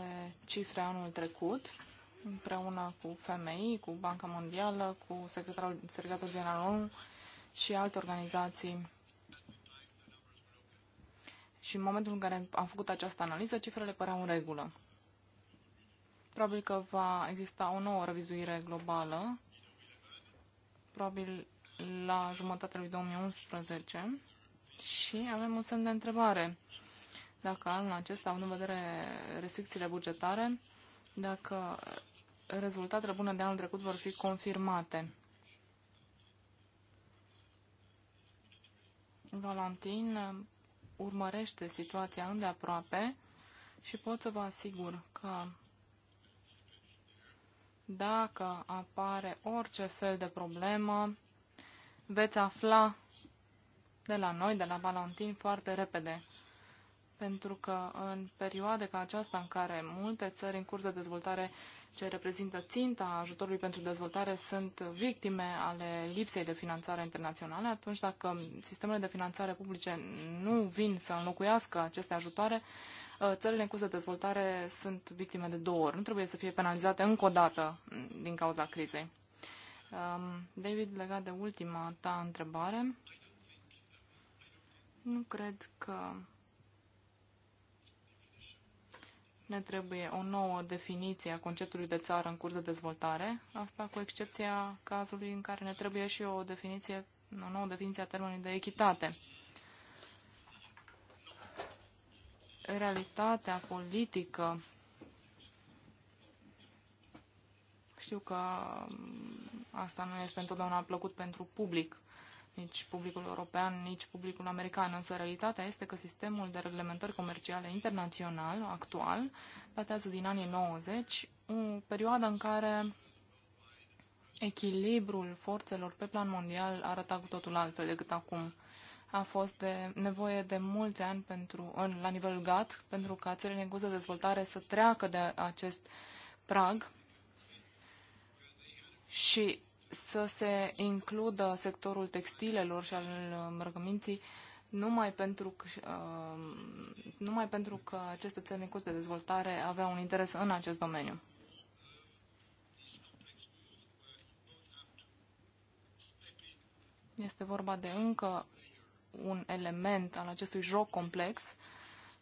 [SPEAKER 2] cifre anul trecut împreună cu FMI, cu Banca Mondială, cu Secretarul, Secretarul General ONU și alte organizații. Și în momentul în care am făcut această analiză, cifrele păreau în regulă. Probabil că va exista o nouă revizuire globală, probabil la jumătatea lui 2011, și avem un semn de întrebare dacă anul acesta, având în vedere restricțiile bugetare, dacă rezultatele bune de anul trecut vor fi confirmate. Valentin urmărește situația îndeaproape și pot să vă asigur că dacă apare orice fel de problemă, veți afla de la noi, de la Valentin, foarte repede pentru că în perioade ca aceasta în care multe țări în curs de dezvoltare ce reprezintă ținta ajutorului pentru dezvoltare sunt victime ale lipsei de finanțare internaționale, atunci dacă sistemele de finanțare publice nu vin să înlocuiască aceste ajutoare, uh, țările în curs de dezvoltare sunt victime de două ori. Nu trebuie să fie penalizate încă o dată mm, din cauza crizei. Um, David, legat de ultima ta întrebare, nu cred că Ne trebuie o nouă definiție a conceptului de țară în curs de dezvoltare, asta cu excepția cazului în care ne trebuie și o definiție, o nouă definiție a termenului de echitate. Realitatea politică știu că asta nu este întotdeauna plăcut pentru public nici publicul european, nici publicul american, însă realitatea este că sistemul de reglementări comerciale internațional actual datează din anii 90, o perioadă în care echilibrul forțelor pe plan mondial arăta cu totul altfel decât acum. A fost de nevoie de mulți ani pentru, în, la nivel GATT pentru ca țările în curs de dezvoltare să treacă de acest prag și să se includă sectorul textilelor și al îmbrăcăminții um, numai pentru, că, um, numai pentru că aceste țări în curs de dezvoltare aveau un interes în acest domeniu. Este vorba de încă un element al acestui joc complex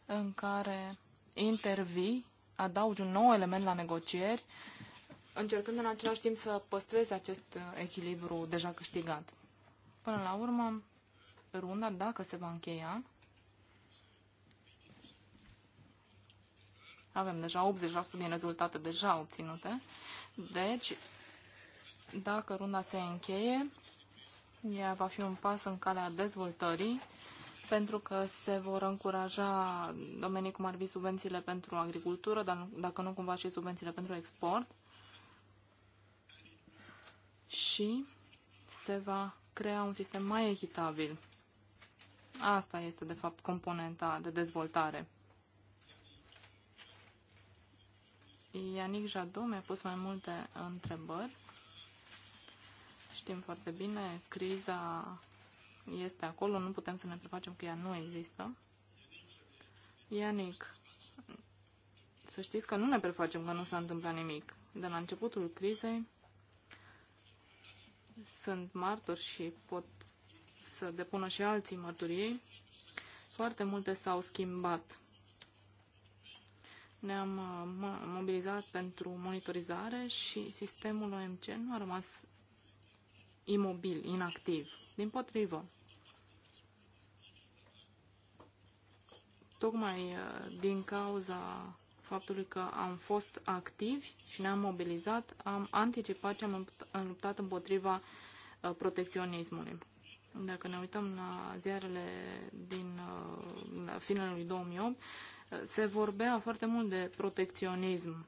[SPEAKER 2] în care intervii, adaugi un nou element la negocieri încercând în același timp să păstreze acest uh, echilibru deja câștigat. Până la urmă, runda, dacă se va încheia, avem deja 80% din rezultate deja obținute, deci dacă runda se încheie, ea va fi un pas în calea dezvoltării, pentru că se vor încuraja domenii cum ar fi subvențiile pentru agricultură, dar dacă nu cumva și subvențiile pentru export și se va crea un sistem mai echitabil. Asta este, de fapt, componenta de dezvoltare. Ianic Jadot mi-a pus mai multe întrebări. Știm foarte bine, criza este acolo, nu putem să ne prefacem că ea nu există. Ianic, să știți că nu ne prefacem că nu s-a întâmplat nimic. De la începutul crizei sunt martori și pot să depună și alții mărturiei, foarte multe s-au schimbat. Ne-am uh, mobilizat pentru monitorizare și sistemul OMC nu a rămas imobil, inactiv. Din potrivă, tocmai uh, din cauza faptului că am fost activi și ne-am mobilizat, am anticipat și am luptat împotriva uh, protecționismului. Dacă ne uităm la ziarele din uh, finalul 2008, uh, se vorbea foarte mult de protecționism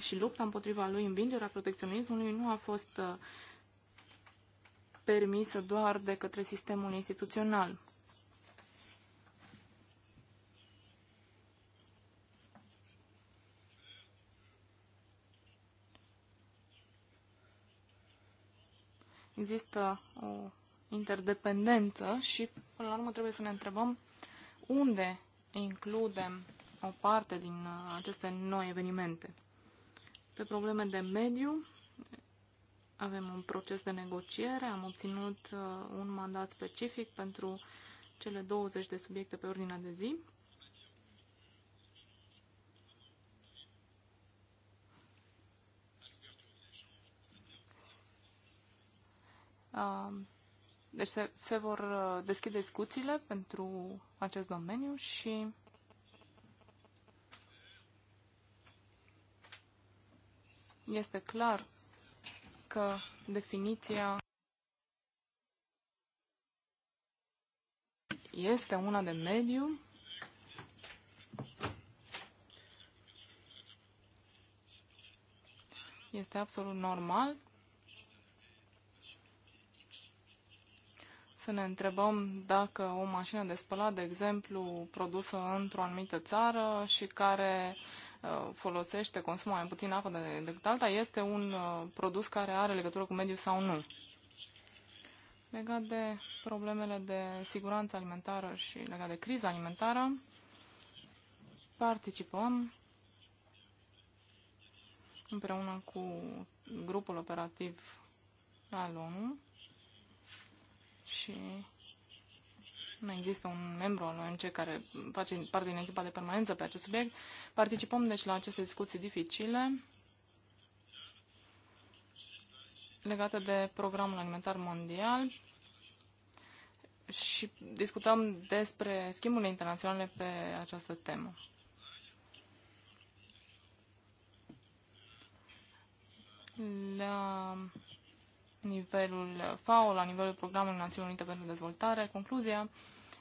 [SPEAKER 2] și lupta împotriva lui, învingerea protecționismului nu a fost permisă doar de către sistemul instituțional. există o interdependență și, până la urmă, trebuie să ne întrebăm unde includem o parte din uh, aceste noi evenimente. Pe probleme de mediu, avem un proces de negociere, am obținut uh, un mandat specific pentru cele 20 de subiecte pe ordinea de zi Um, deci se, se vor uh, deschide discuțiile pentru acest domeniu și este clar că definiția este una de mediu este absolut normal să ne întrebăm dacă o mașină de spălat, de exemplu, produsă într-o anumită țară și care uh, folosește, consumă mai puțin apă decât alta, este un uh, produs care are legătură cu mediul sau nu. Legat de problemele de siguranță alimentară și legat de criza alimentară, participăm împreună cu grupul operativ al ONU și nu există un membru al ONG care face parte din echipa de permanență pe acest subiect. Participăm deci la aceste discuții dificile legate de programul alimentar mondial și discutăm despre schimburile internaționale pe această temă. La nivelul FAO, la nivelul Programului Națiunilor Unite pentru Dezvoltare, concluzia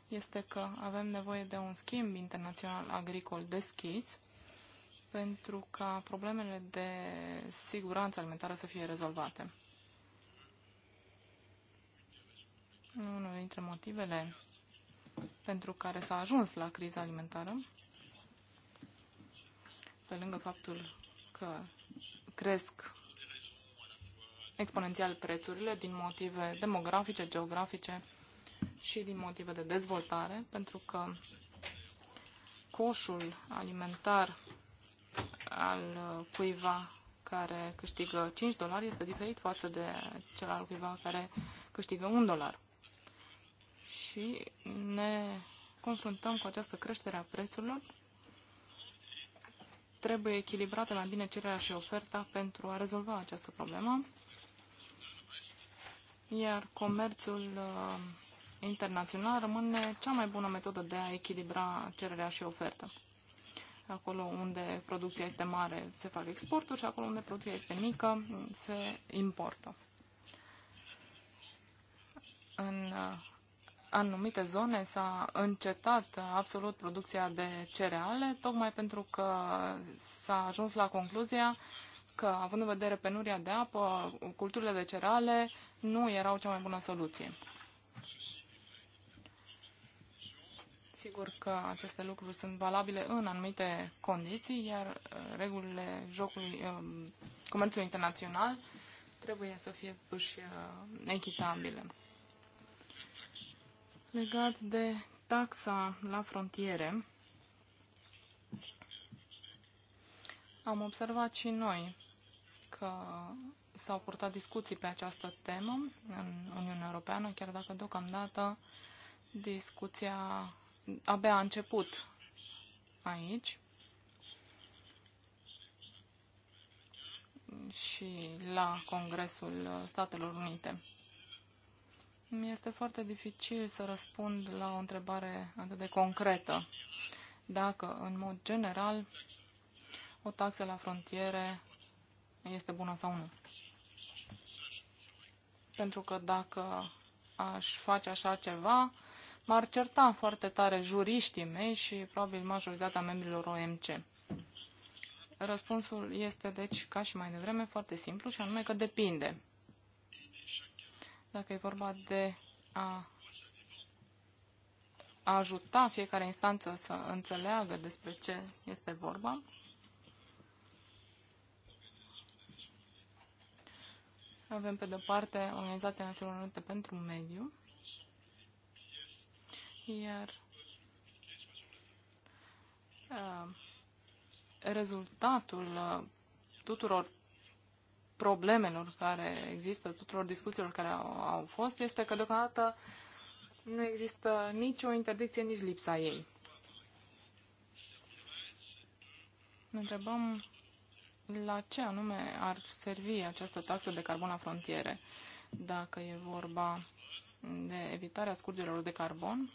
[SPEAKER 2] este că avem nevoie de un schimb internațional agricol deschis pentru ca problemele de siguranță alimentară să fie rezolvate. Unul dintre motivele pentru care s-a ajuns la criza alimentară, pe lângă faptul că cresc exponențial prețurile din motive demografice, geografice și din motive de dezvoltare, pentru că coșul alimentar al cuiva care câștigă 5 dolari este diferit față de cel al cuiva care câștigă 1 dolar. Și ne confruntăm cu această creștere a prețurilor. Trebuie echilibrată mai bine cererea și oferta pentru a rezolva această problemă iar comerțul uh, internațional rămâne cea mai bună metodă de a echilibra cererea și oferta. Acolo unde producția este mare se fac exporturi și acolo unde producția este mică se importă. În uh, anumite zone s-a încetat absolut producția de cereale, tocmai pentru că s-a ajuns la concluzia că, având în vedere penuria de apă, culturile de cereale nu erau cea mai bună soluție. Sigur că aceste lucruri sunt valabile în anumite condiții, iar uh, regulile jocului, um, comerțului internațional trebuie să fie puși uh, echitabile. Legat de taxa la frontiere, Am observat și noi că s-au purtat discuții pe această temă în Uniunea Europeană, chiar dacă deocamdată discuția abia a început aici. și la Congresul Statelor Unite. Este foarte dificil să răspund la o întrebare atât de concretă. Dacă, în mod general, o taxă la frontiere este bună sau nu. Pentru că dacă aș face așa ceva, m-ar certa foarte tare juriștii mei și probabil majoritatea membrilor OMC. Răspunsul este, deci, ca și mai devreme, foarte simplu și anume că depinde. Dacă e vorba de a ajuta fiecare instanță să înțeleagă despre ce este vorba, Avem, pe de-o parte, Organizația Națiunilor Unite pentru Mediu, iar uh, rezultatul uh, tuturor problemelor care există, tuturor discuțiilor care au, au fost, este că deocamdată nu există nicio interdicție, nici lipsa ei. Ne întrebăm la ce anume ar servi această taxă de carbon la frontiere? Dacă e vorba de evitarea scurgerilor de carbon,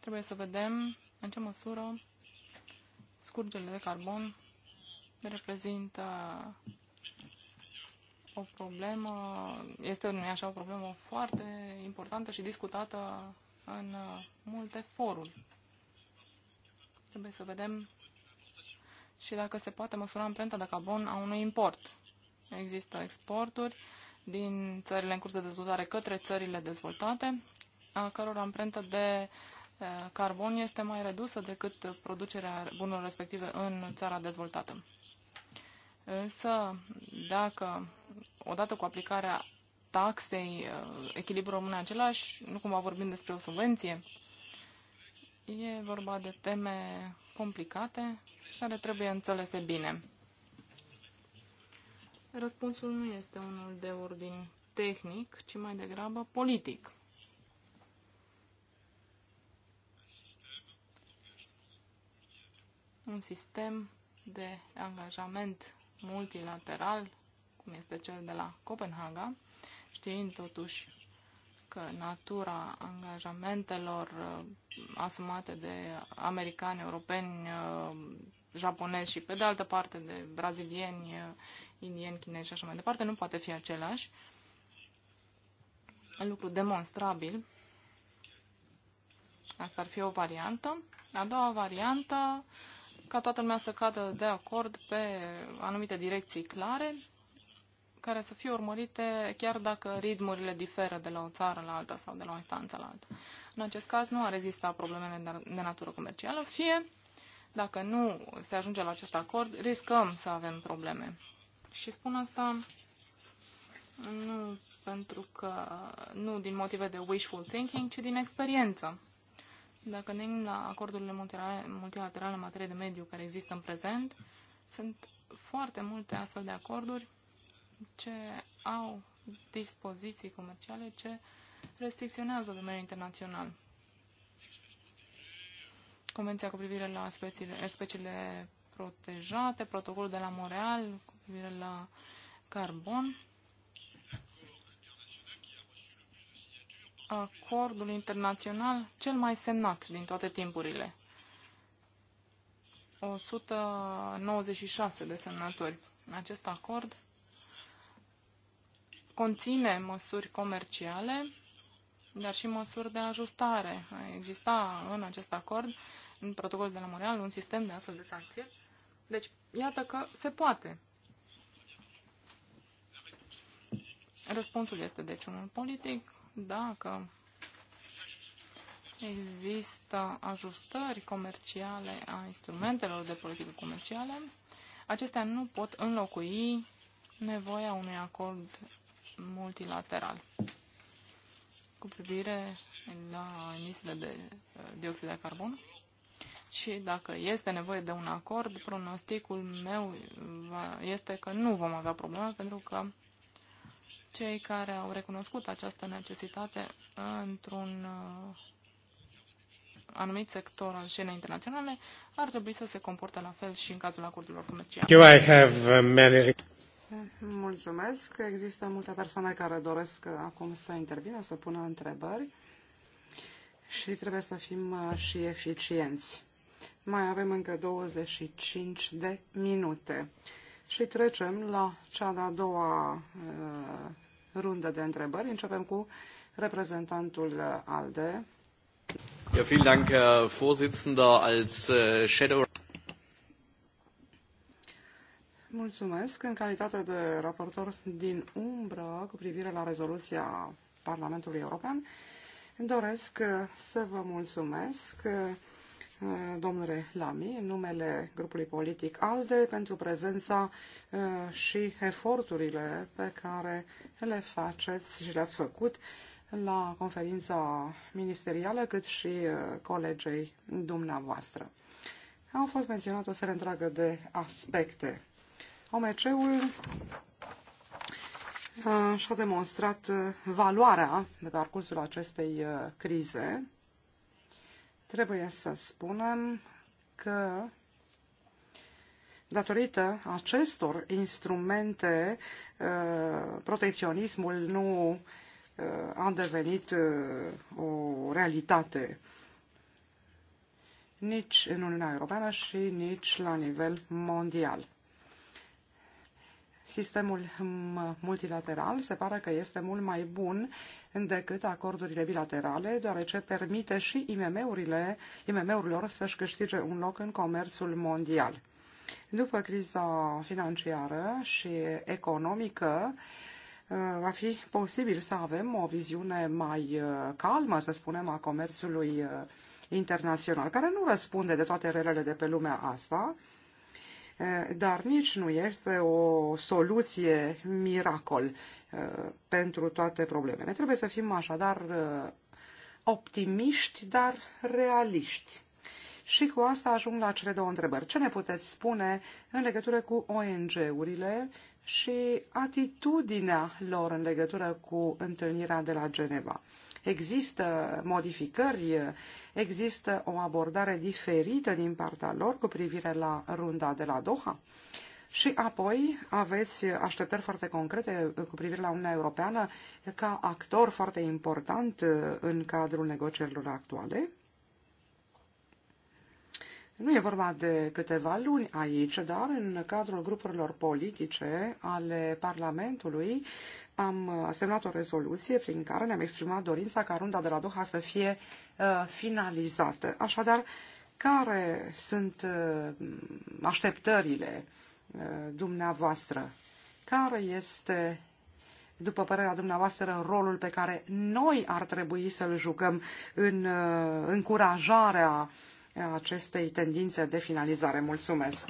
[SPEAKER 2] trebuie să vedem în ce măsură scurgerile de carbon reprezintă o problemă, este nu așa o problemă foarte importantă și discutată în multe foruri. Trebuie să vedem și dacă se poate măsura amprenta de carbon a unui import. Există exporturi din țările în curs de dezvoltare către țările dezvoltate, a căror amprentă de e, carbon este mai redusă decât producerea bunurilor respective în țara dezvoltată. Însă, dacă odată cu aplicarea taxei, e, echilibrul rămâne același, nu cumva vorbim despre o subvenție, E vorba de teme complicate care trebuie înțelese bine. Răspunsul nu este unul de ordin tehnic, ci mai degrabă politic. Un sistem de angajament multilateral, cum este cel de la Copenhaga, știind totuși natura angajamentelor uh, asumate de americani, europeni, uh, japonezi și pe de altă parte de brazilieni, uh, indieni, chinezi și așa mai departe, nu poate fi același. Lucru demonstrabil. Asta ar fi o variantă. A doua variantă, ca toată lumea să cadă de acord pe anumite direcții clare care să fie urmărite chiar dacă ritmurile diferă de la o țară la alta sau de la o instanță la alta. În acest caz nu a rezistat problemele de natură comercială, fie dacă nu se ajunge la acest acord, riscăm să avem probleme. Și spun asta nu pentru că nu din motive de wishful thinking, ci din experiență. Dacă ne gândim la acordurile multilaterale în materie de mediu care există în prezent, sunt foarte multe astfel de acorduri ce au dispoziții comerciale ce restricționează domeniul internațional. Convenția cu privire la speciile, speciile protejate, protocolul de la Montreal cu privire la carbon, acordul internațional cel mai semnat din toate timpurile. 196 de semnători. Acest acord conține măsuri comerciale, dar și măsuri de ajustare. Exista în acest acord, în protocolul de la Montreal, un sistem de astfel de sancție. Deci, iată că se poate. Răspunsul este deci unul politic, dacă există ajustări comerciale a instrumentelor de politică comercială, acestea nu pot înlocui nevoia unui acord multilateral cu privire la emisiile de uh, dioxid de carbon și dacă este nevoie de un acord, pronosticul meu uh, este că nu vom avea probleme pentru că cei care au recunoscut această necesitate într-un uh, anumit sector al scenei internaționale ar trebui să se comporte la fel și
[SPEAKER 1] în cazul acordurilor comerciale. Mulțumesc. Există multe persoane care doresc acum să intervină, să pună întrebări și trebuie să fim uh, și eficienți. Mai avem încă 25 de minute și trecem la cea de-a doua uh, rundă de întrebări. Începem cu reprezentantul uh, ALDE.
[SPEAKER 2] Ja, vielen Dank, Herr Vorsitzender. Als äh, Shadow
[SPEAKER 1] Mulțumesc. În calitate de raportor din umbră cu privire la rezoluția Parlamentului European, doresc uh, să vă mulțumesc, uh, domnule Lami, în numele grupului politic ALDE, pentru prezența uh, și eforturile pe care le faceți și le-ați făcut la conferința ministerială, cât și colegei dumneavoastră. Au fost menționate o serie întreagă de aspecte OMC-ul e și-a demonstrat uh, valoarea de parcursul acestei uh, crize. Trebuie să spunem că datorită acestor instrumente uh, protecționismul nu a devenit o realitate nici în Uniunea Europeană și nici la nivel mondial. Sistemul mm, multilateral se pare că este mult mai bun decât acordurile bilaterale, deoarece permite și IMM-urile, IMM-urilor să-și câștige un loc în comerțul mondial. După criza financiară și economică, mm, va fi posibil să avem o viziune mai mm, calmă, să spunem, a comerțului internațional, care nu răspunde de toate relele de pe lumea asta, Eh, dar nici nu este o soluție miracol eh, pentru toate problemele. Trebuie să fim așadar eh, optimiști, dar realiști. Și cu asta ajung la cele două întrebări. Ce ne puteți spune în legătură cu ONG-urile și atitudinea lor în legătură cu întâlnirea de la Geneva? Există modificări, există o abordare diferită din partea lor cu privire la runda de la Doha? Și apoi aveți așteptări foarte concrete cu privire la Uniunea Europeană ca actor foarte important în cadrul negocierilor actuale? Nu e vorba de câteva luni aici, dar în cadrul grupurilor politice ale Parlamentului am semnat o rezoluție prin care ne-am exprimat dorința ca runda de la Doha să fie uh, finalizată. Așadar, care sunt uh, așteptările uh, dumneavoastră? Care este după părerea dumneavoastră, rolul pe care noi ar trebui să-l jucăm în uh, încurajarea uh, acestei tendințe de finalizare. Mulțumesc!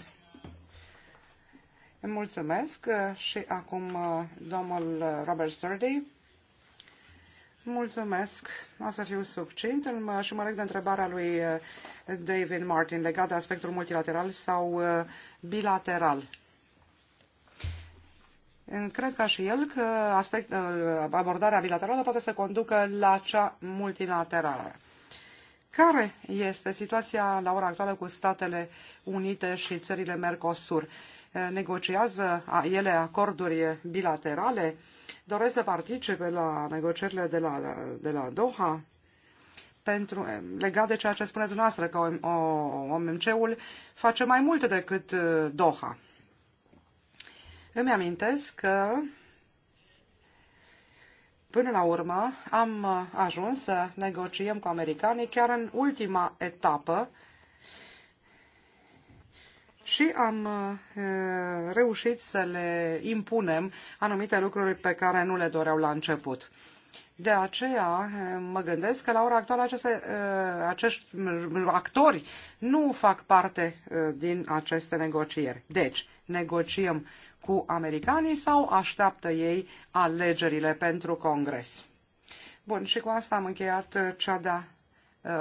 [SPEAKER 1] Mulțumesc uh, și acum uh, domnul uh, Robert Sturdy. Mulțumesc. O să fiu succint și mă leg de întrebarea lui David Martin legat de aspectul multilateral sau bilateral. Cred ca și el că aspect, abordarea bilaterală poate să conducă la cea multilaterală. Care este situația la ora actuală cu Statele Unite și țările Mercosur? Negociază ele acorduri bilaterale? Doresc să participe la negocierile de la, de la Doha? pentru, legat de ceea ce spuneți dumneavoastră, că OMC-ul face mai mult decât uh, Doha. Îmi amintesc că Până la urmă, am ajuns să negociem cu americanii chiar în ultima etapă și am uh, reușit să le impunem anumite lucruri pe care nu le doreau la început. De aceea mă gândesc că la ora actuală aceste, uh, acești uh, actori nu fac parte uh, din aceste negocieri. Deci, negociem cu americanii sau așteaptă ei alegerile pentru Congres. Bun, și cu asta am încheiat cea de-a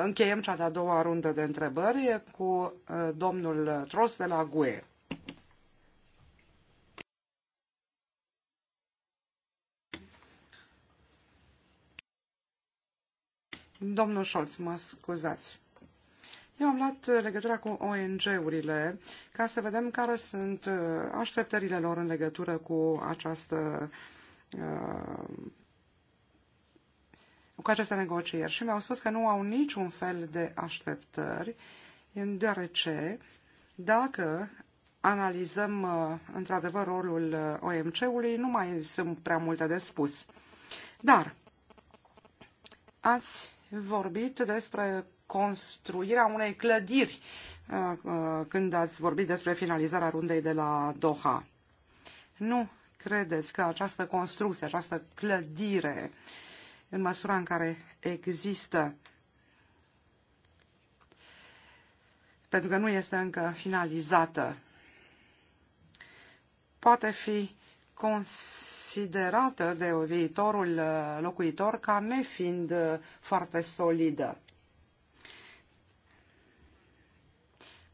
[SPEAKER 1] Încheiem cea de-a doua rundă de întrebări cu domnul Tros de la GUE. Domnul Scholz, mă scuzați. Eu am luat uh, legătura cu ONG-urile ca să vedem care sunt uh, așteptările lor în legătură cu această uh, cu aceste negocieri și mi-au spus că nu au niciun fel de așteptări, deoarece dacă analizăm într-adevăr rolul OMC-ului, nu mai sunt prea multe de spus. Dar ați vorbit despre construirea unei clădiri uh, uh, când ați vorbit despre finalizarea rundei de la Doha. Nu credeți că această construcție, această clădire, în măsura în care există, pentru că nu este încă finalizată, poate fi considerată de viitorul uh, locuitor ca nefiind uh, foarte solidă.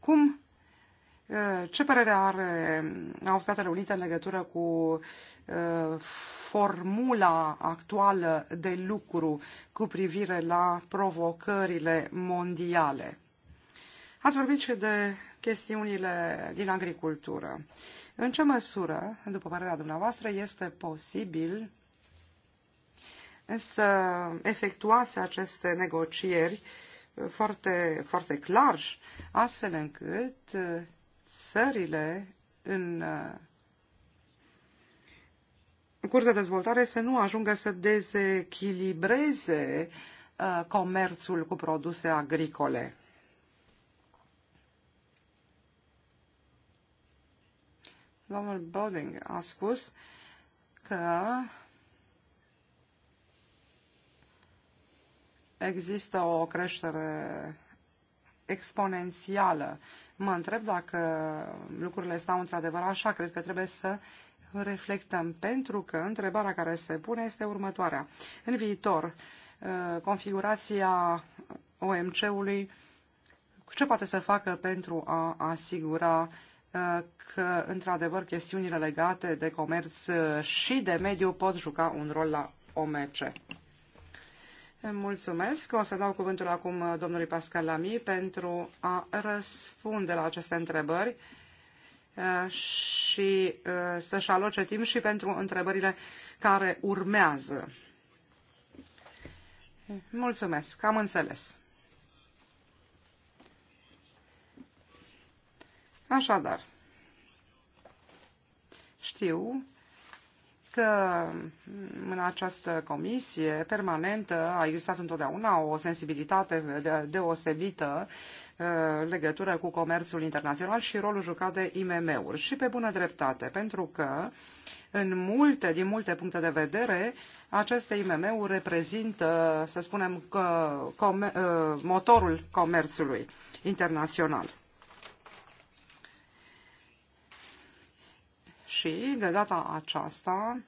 [SPEAKER 1] Cum uh, ce părere are, au Statele Unite în legătură cu formula actuală de lucru cu privire la provocările mondiale? Ați vorbit și de chestiunile din agricultură. În ce măsură, după părerea dumneavoastră, este posibil să efectuați aceste negocieri foarte, foarte clar, astfel încât țările în curs de dezvoltare să nu ajungă să dezechilibreze uh, comerțul cu produse agricole. Domnul Bodding a spus că există o creștere exponențială. Mă întreb dacă lucrurile stau într-adevăr așa. Cred că trebuie să reflectăm, pentru că întrebarea care se pune este următoarea. În viitor, uh, configurația OMC-ului, ce poate să facă pentru a asigura uh, că, într-adevăr, chestiunile legate de comerț și de mediu pot juca un rol la OMC. Mulțumesc. O să dau cuvântul acum domnului Pascal Lamy pentru a răspunde la aceste întrebări uh, și uh, să-și aloce timp și pentru întrebările care urmează. Mulțumesc, am înțeles. Așadar, știu că în această comisie permanentă a existat întotdeauna o sensibilitate deosebită uh, legătură cu comerțul internațional și rolul jucat de IMM-uri și pe bună dreptate, pentru că în multe, din multe puncte de vedere, aceste IMM-uri reprezintă, să spunem, că, com uh, motorul comerțului internațional. și de data aceasta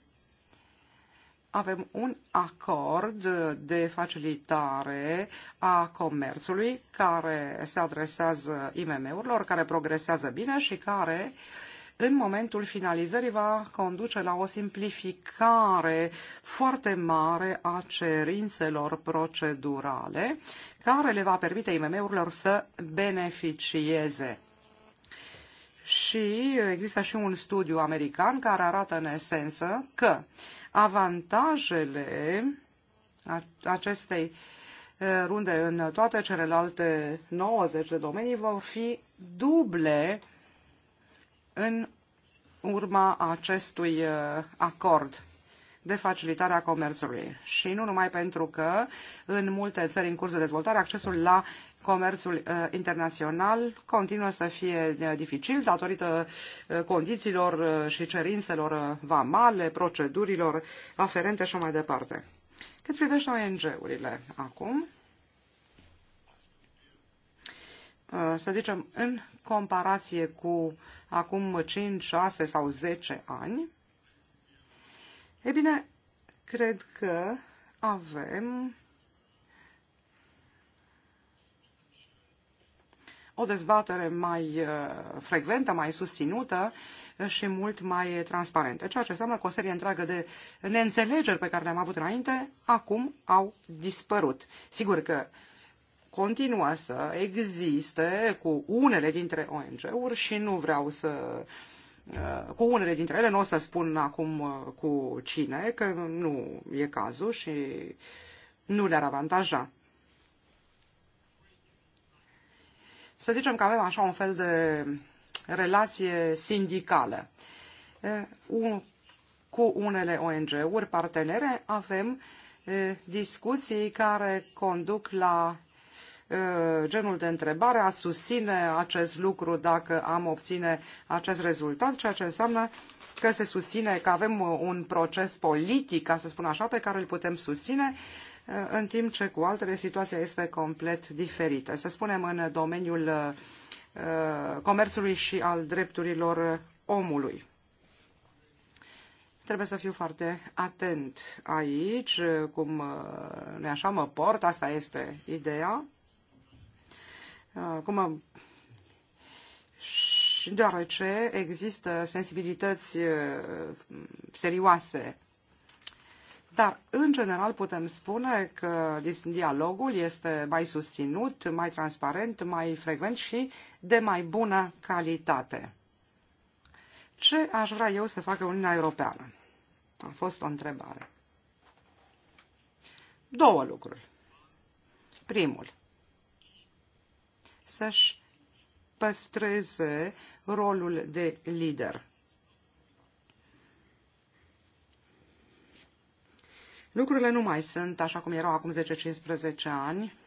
[SPEAKER 1] avem un acord de facilitare a comerțului care se adresează IMM-urilor, care progresează bine și care în momentul finalizării va conduce la o simplificare foarte mare a cerințelor procedurale, care le va permite IMM-urilor să beneficieze și există și un studiu american care arată în esență că avantajele acestei uh, runde în toate celelalte 90 de domenii vor fi duble în urma acestui uh, acord de facilitarea comerțului. Și nu numai pentru că în multe țări în curs de dezvoltare accesul la comerțul uh, internațional continuă să fie uh, dificil datorită uh, condițiilor și cerințelor vamale, procedurilor aferente și mai departe. Cât privește ONG-urile acum, să zicem, în comparație cu acum 5, 6 sau 10 ani, e bine, cred că avem o dezbatere mai eh, frecventă, mai susținută eh, și mult mai transparentă. Ceea ce înseamnă că o serie întreagă de neînțelegeri pe care le-am avut înainte, acum au dispărut. Sigur că continuă să existe cu unele dintre ONG-uri și nu vreau să eh, cu unele dintre ele, nu o să spun acum cu cine, că nu e cazul și nu le-ar avantaja. să zicem că avem așa un fel de relație sindicală. E, cu unele ONG-uri partenere avem e, discuții care conduc la e, genul de întrebare a susține acest lucru dacă am obține acest rezultat, ceea ce înseamnă că se susține că avem un proces politic, ca să spun așa, pe care îl putem susține Eh, în timp ce cu altele situația este complet diferită. Să spunem în domeniul eh, comerțului și al drepturilor omului. Trebuie să fiu foarte atent aici, cum eh, ne așa mă port, asta este ideea. Cum mă... Și deoarece există sensibilități serioase Dar, în general, putem spune că dialogul este mai susținut, mai transparent, mai frecvent și de mai bună calitate. Ce aș vrea eu să facă Uniunea Europeană? A fost o întrebare. Două lucruri. Primul, să-și păstreze rolul de lider Lucrurile nu mai sunt așa cum erau acum 10-15 ani.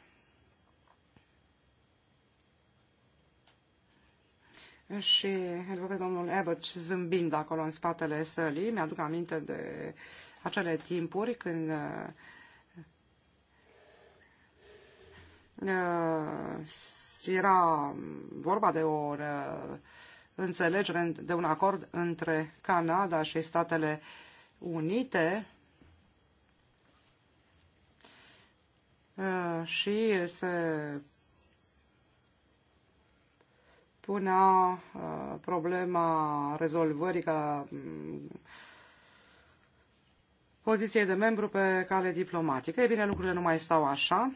[SPEAKER 1] Și îl văd pe domnul Abbott zâmbind acolo în spatele sălii. Mi-aduc aminte de acele timpuri când uh, era vorba de o uh, înțelegere, de un acord între Canada și Statele Unite și se punea uh, problema rezolvării ca mm, poziției de membru pe cale diplomatică. E bine, lucrurile nu mai stau așa.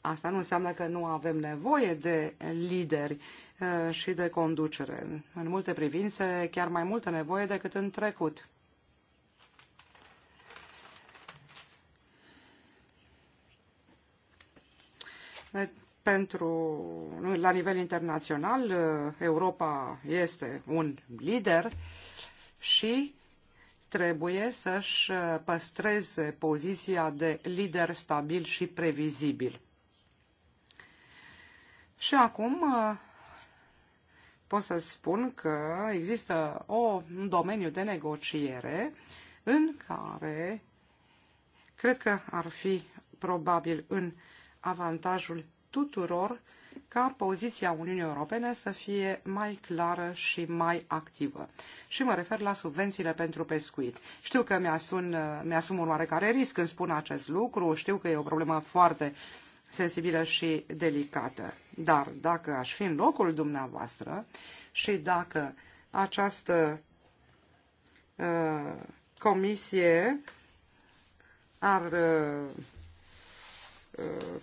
[SPEAKER 1] Asta nu înseamnă că nu avem nevoie de lideri uh, și de conducere. În multe privințe, chiar mai multă nevoie decât în trecut. pentru, la nivel internațional, eh, Europa este un lider și trebuie să-și eh, păstreze poziția de lider stabil și previzibil. Și acum eh, pot să spun că există o, un domeniu de negociere în care cred că ar fi probabil în uh, avantajul tuturor ca poziția Uniunii Europene să fie mai clară și mai activă. Și mă refer la subvențiile pentru pescuit. Știu că mi-asum, mi-asum un oarecare risc când spun acest lucru, știu că e o problemă foarte sensibilă și delicată. Dar dacă aș fi în locul dumneavoastră și dacă această uh, comisie ar uh,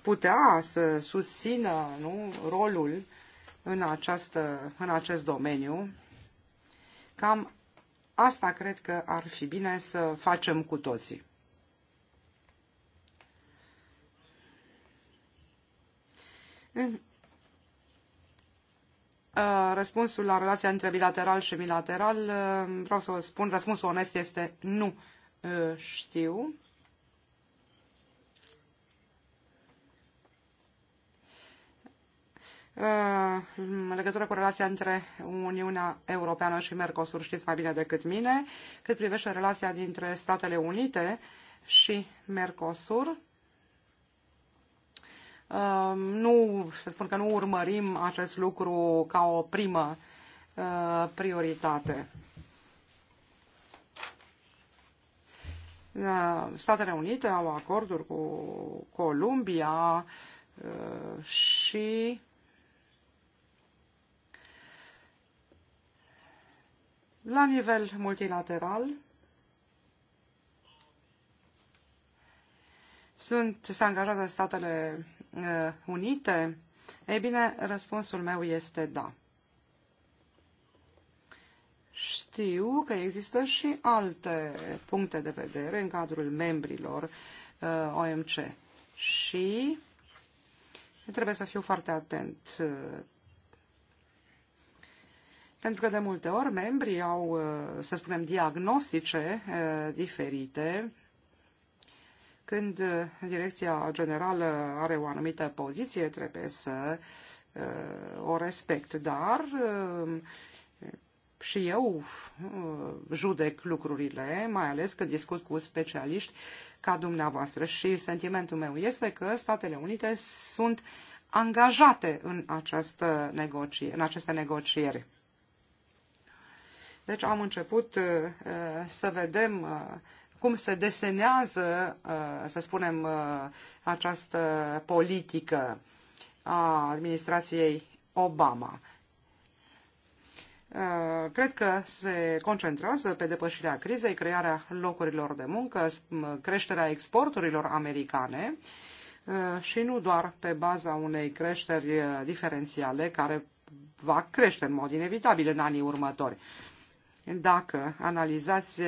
[SPEAKER 1] putea să susțină nu, rolul în, această, în acest domeniu. Cam asta cred că ar fi bine să facem cu toții. Răspunsul la relația între bilateral și bilateral, vreau să vă spun, răspunsul onest este nu știu. în eh, legătură cu relația între Uniunea Europeană și Mercosur, știți mai bine decât mine, cât privește relația dintre Statele Unite și Mercosur. Eh, nu, să spun că nu urmărim acest lucru ca o primă eh, prioritate. Statele Unite au acorduri cu Columbia și La nivel multilateral, sunt, se angajează Statele uh, Unite? Ei bine, răspunsul meu este da. Știu că există și alte puncte de vedere în cadrul membrilor uh, OMC și trebuie să fiu foarte atent uh, Pentru că de multe ori membrii au, uh, să spunem, diagnostice uh, diferite când uh, direcția generală are o anumită poziție, trebuie să o respect. Dar și eu judec lucrurile, mai ales când discut cu specialiști ca dumneavoastră. Și sentimentul meu este că Statele Unite sunt angajate în, această negocie, în aceste negocieri. Deci am început uh, uh, să vedem uh, cum se desenează, să spunem, această politică a administrației Obama. Cred că se concentrează pe depășirea crizei, crearea locurilor de muncă, creșterea exporturilor americane și nu doar pe baza unei creșteri diferențiale care va crește în mod inevitabil în anii următori dacă analizați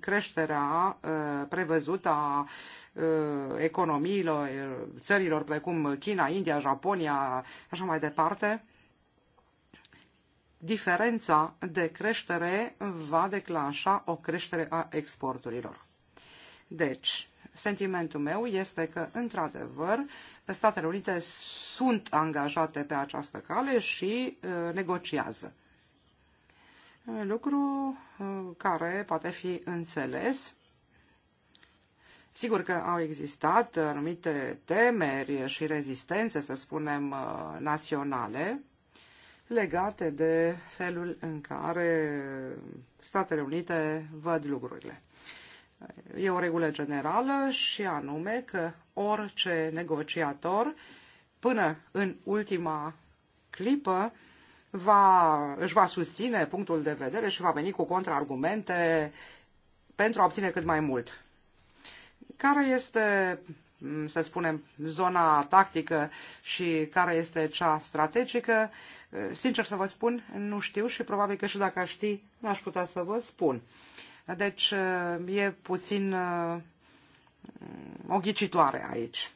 [SPEAKER 1] creșterea e, prevăzută a e, economiilor e, țărilor precum China, India, Japonia, așa mai departe, diferența de creștere va declanșa o creștere a exporturilor. Deci, sentimentul meu este că, într-adevăr, Statele Unite sunt angajate pe această cale și negociază lucru uh, care poate fi înțeles. Sigur că au existat anumite temeri și rezistențe, să spunem, uh, naționale, legate de felul în care Statele Unite văd lucrurile. E o regulă generală și anume că orice negociator, până în ultima clipă, va, își va susține punctul de vedere și va veni cu contraargumente pentru a obține cât mai mult. Care este, să spunem, zona tactică și care este cea strategică? Sincer să vă spun, nu știu și probabil că și dacă aș ști, n-aș putea să vă spun. Deci e puțin uh, o ghicitoare aici.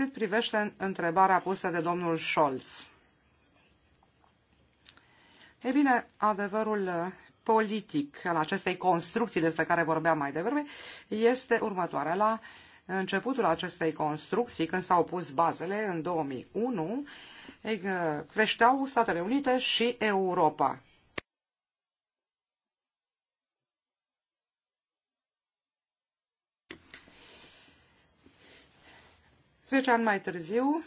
[SPEAKER 1] Cât privește întrebarea pusă de domnul Scholz, e bine, adevărul politic al acestei construcții despre care vorbeam mai devreme este următoarea. La începutul acestei construcții, când s-au pus bazele în 2001, e, creșteau Statele Unite și Europa. 10 ani mai târziu,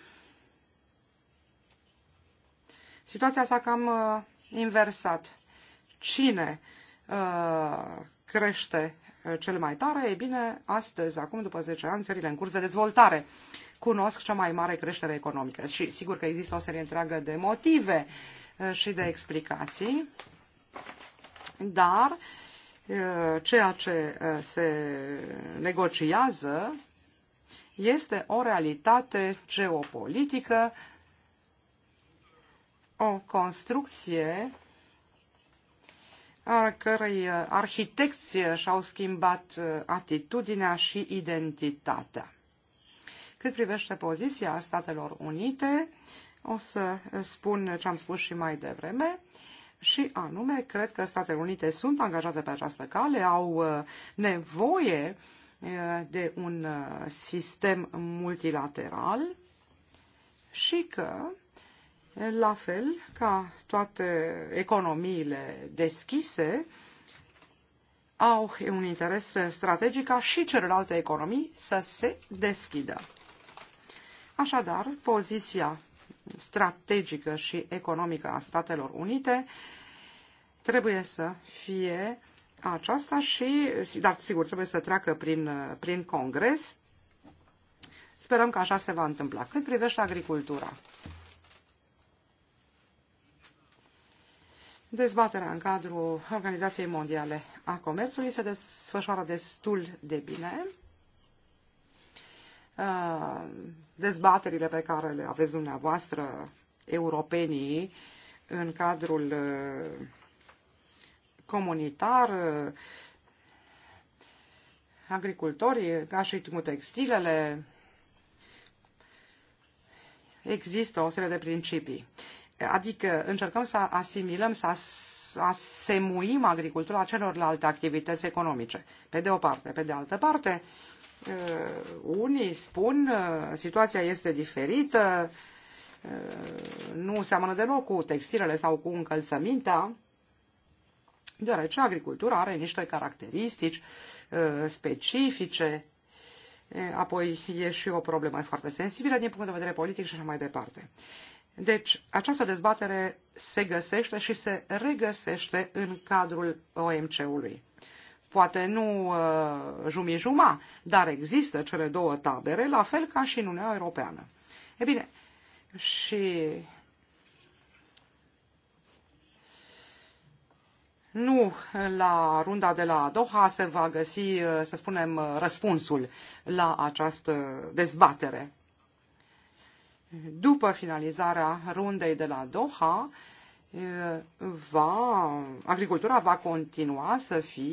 [SPEAKER 1] situația s-a cam uh, eh, inversat. Cine uh, eh, crește cel eh, mai tare? E bine, astăzi, acum după 10 ani, țările în curs de dezvoltare cunosc cea mai mare creștere economică. Și sigur că există o serie întreagă de motive uh, și de explicații, dar uh, ceea ce uh, se negociază este o realitate geopolitică, o construcție a cărei arhitecție și-au schimbat atitudinea și identitatea. Cât privește poziția Statelor Unite, o să spun ce am spus și mai devreme, și anume, cred că Statele Unite sunt angajate pe această cale, au nevoie uh, de un uh, sistem multilateral și că, la fel ca toate economiile deschise, au un interes strategic ca și celelalte economii să se deschidă. Așadar, poziția strategică și economică a Statelor Unite trebuie să fie aceasta și, dar sigur, trebuie să treacă prin, prin Congres. Sperăm că așa se va întâmpla. Cât privește agricultura, Dezbaterea în cadrul Organizației Mondiale a Comerțului se desfășoară destul de bine. Uh, dezbaterile pe care le aveți dumneavoastră, europenii, în cadrul uh, comunitar, agricultorii, ca și cu textilele, există o serie de principii. Adică încercăm să asimilăm, să asemuim agricultura celorlalte activități economice. Pe de o parte. Pe de altă parte, uh, unii spun uh, situația este diferită, uh, nu seamănă deloc cu textilele sau cu încălțămintea deoarece agricultura are niște caracteristici uh, specifice, uh, apoi e și o problemă foarte sensibilă din punct de vedere politic și așa mai departe. Deci, această dezbatere se găsește și se regăsește în cadrul OMC-ului. Poate nu uh, jumi-juma, dar există cele două tabere, la fel ca și în Uniunea Europeană. E bine, și Nu la runda de la Doha se va găsi, uh, să spunem, uh, răspunsul la această dezbatere. După finalizarea rundei de la Doha, uh, va, agricultura va continua să fie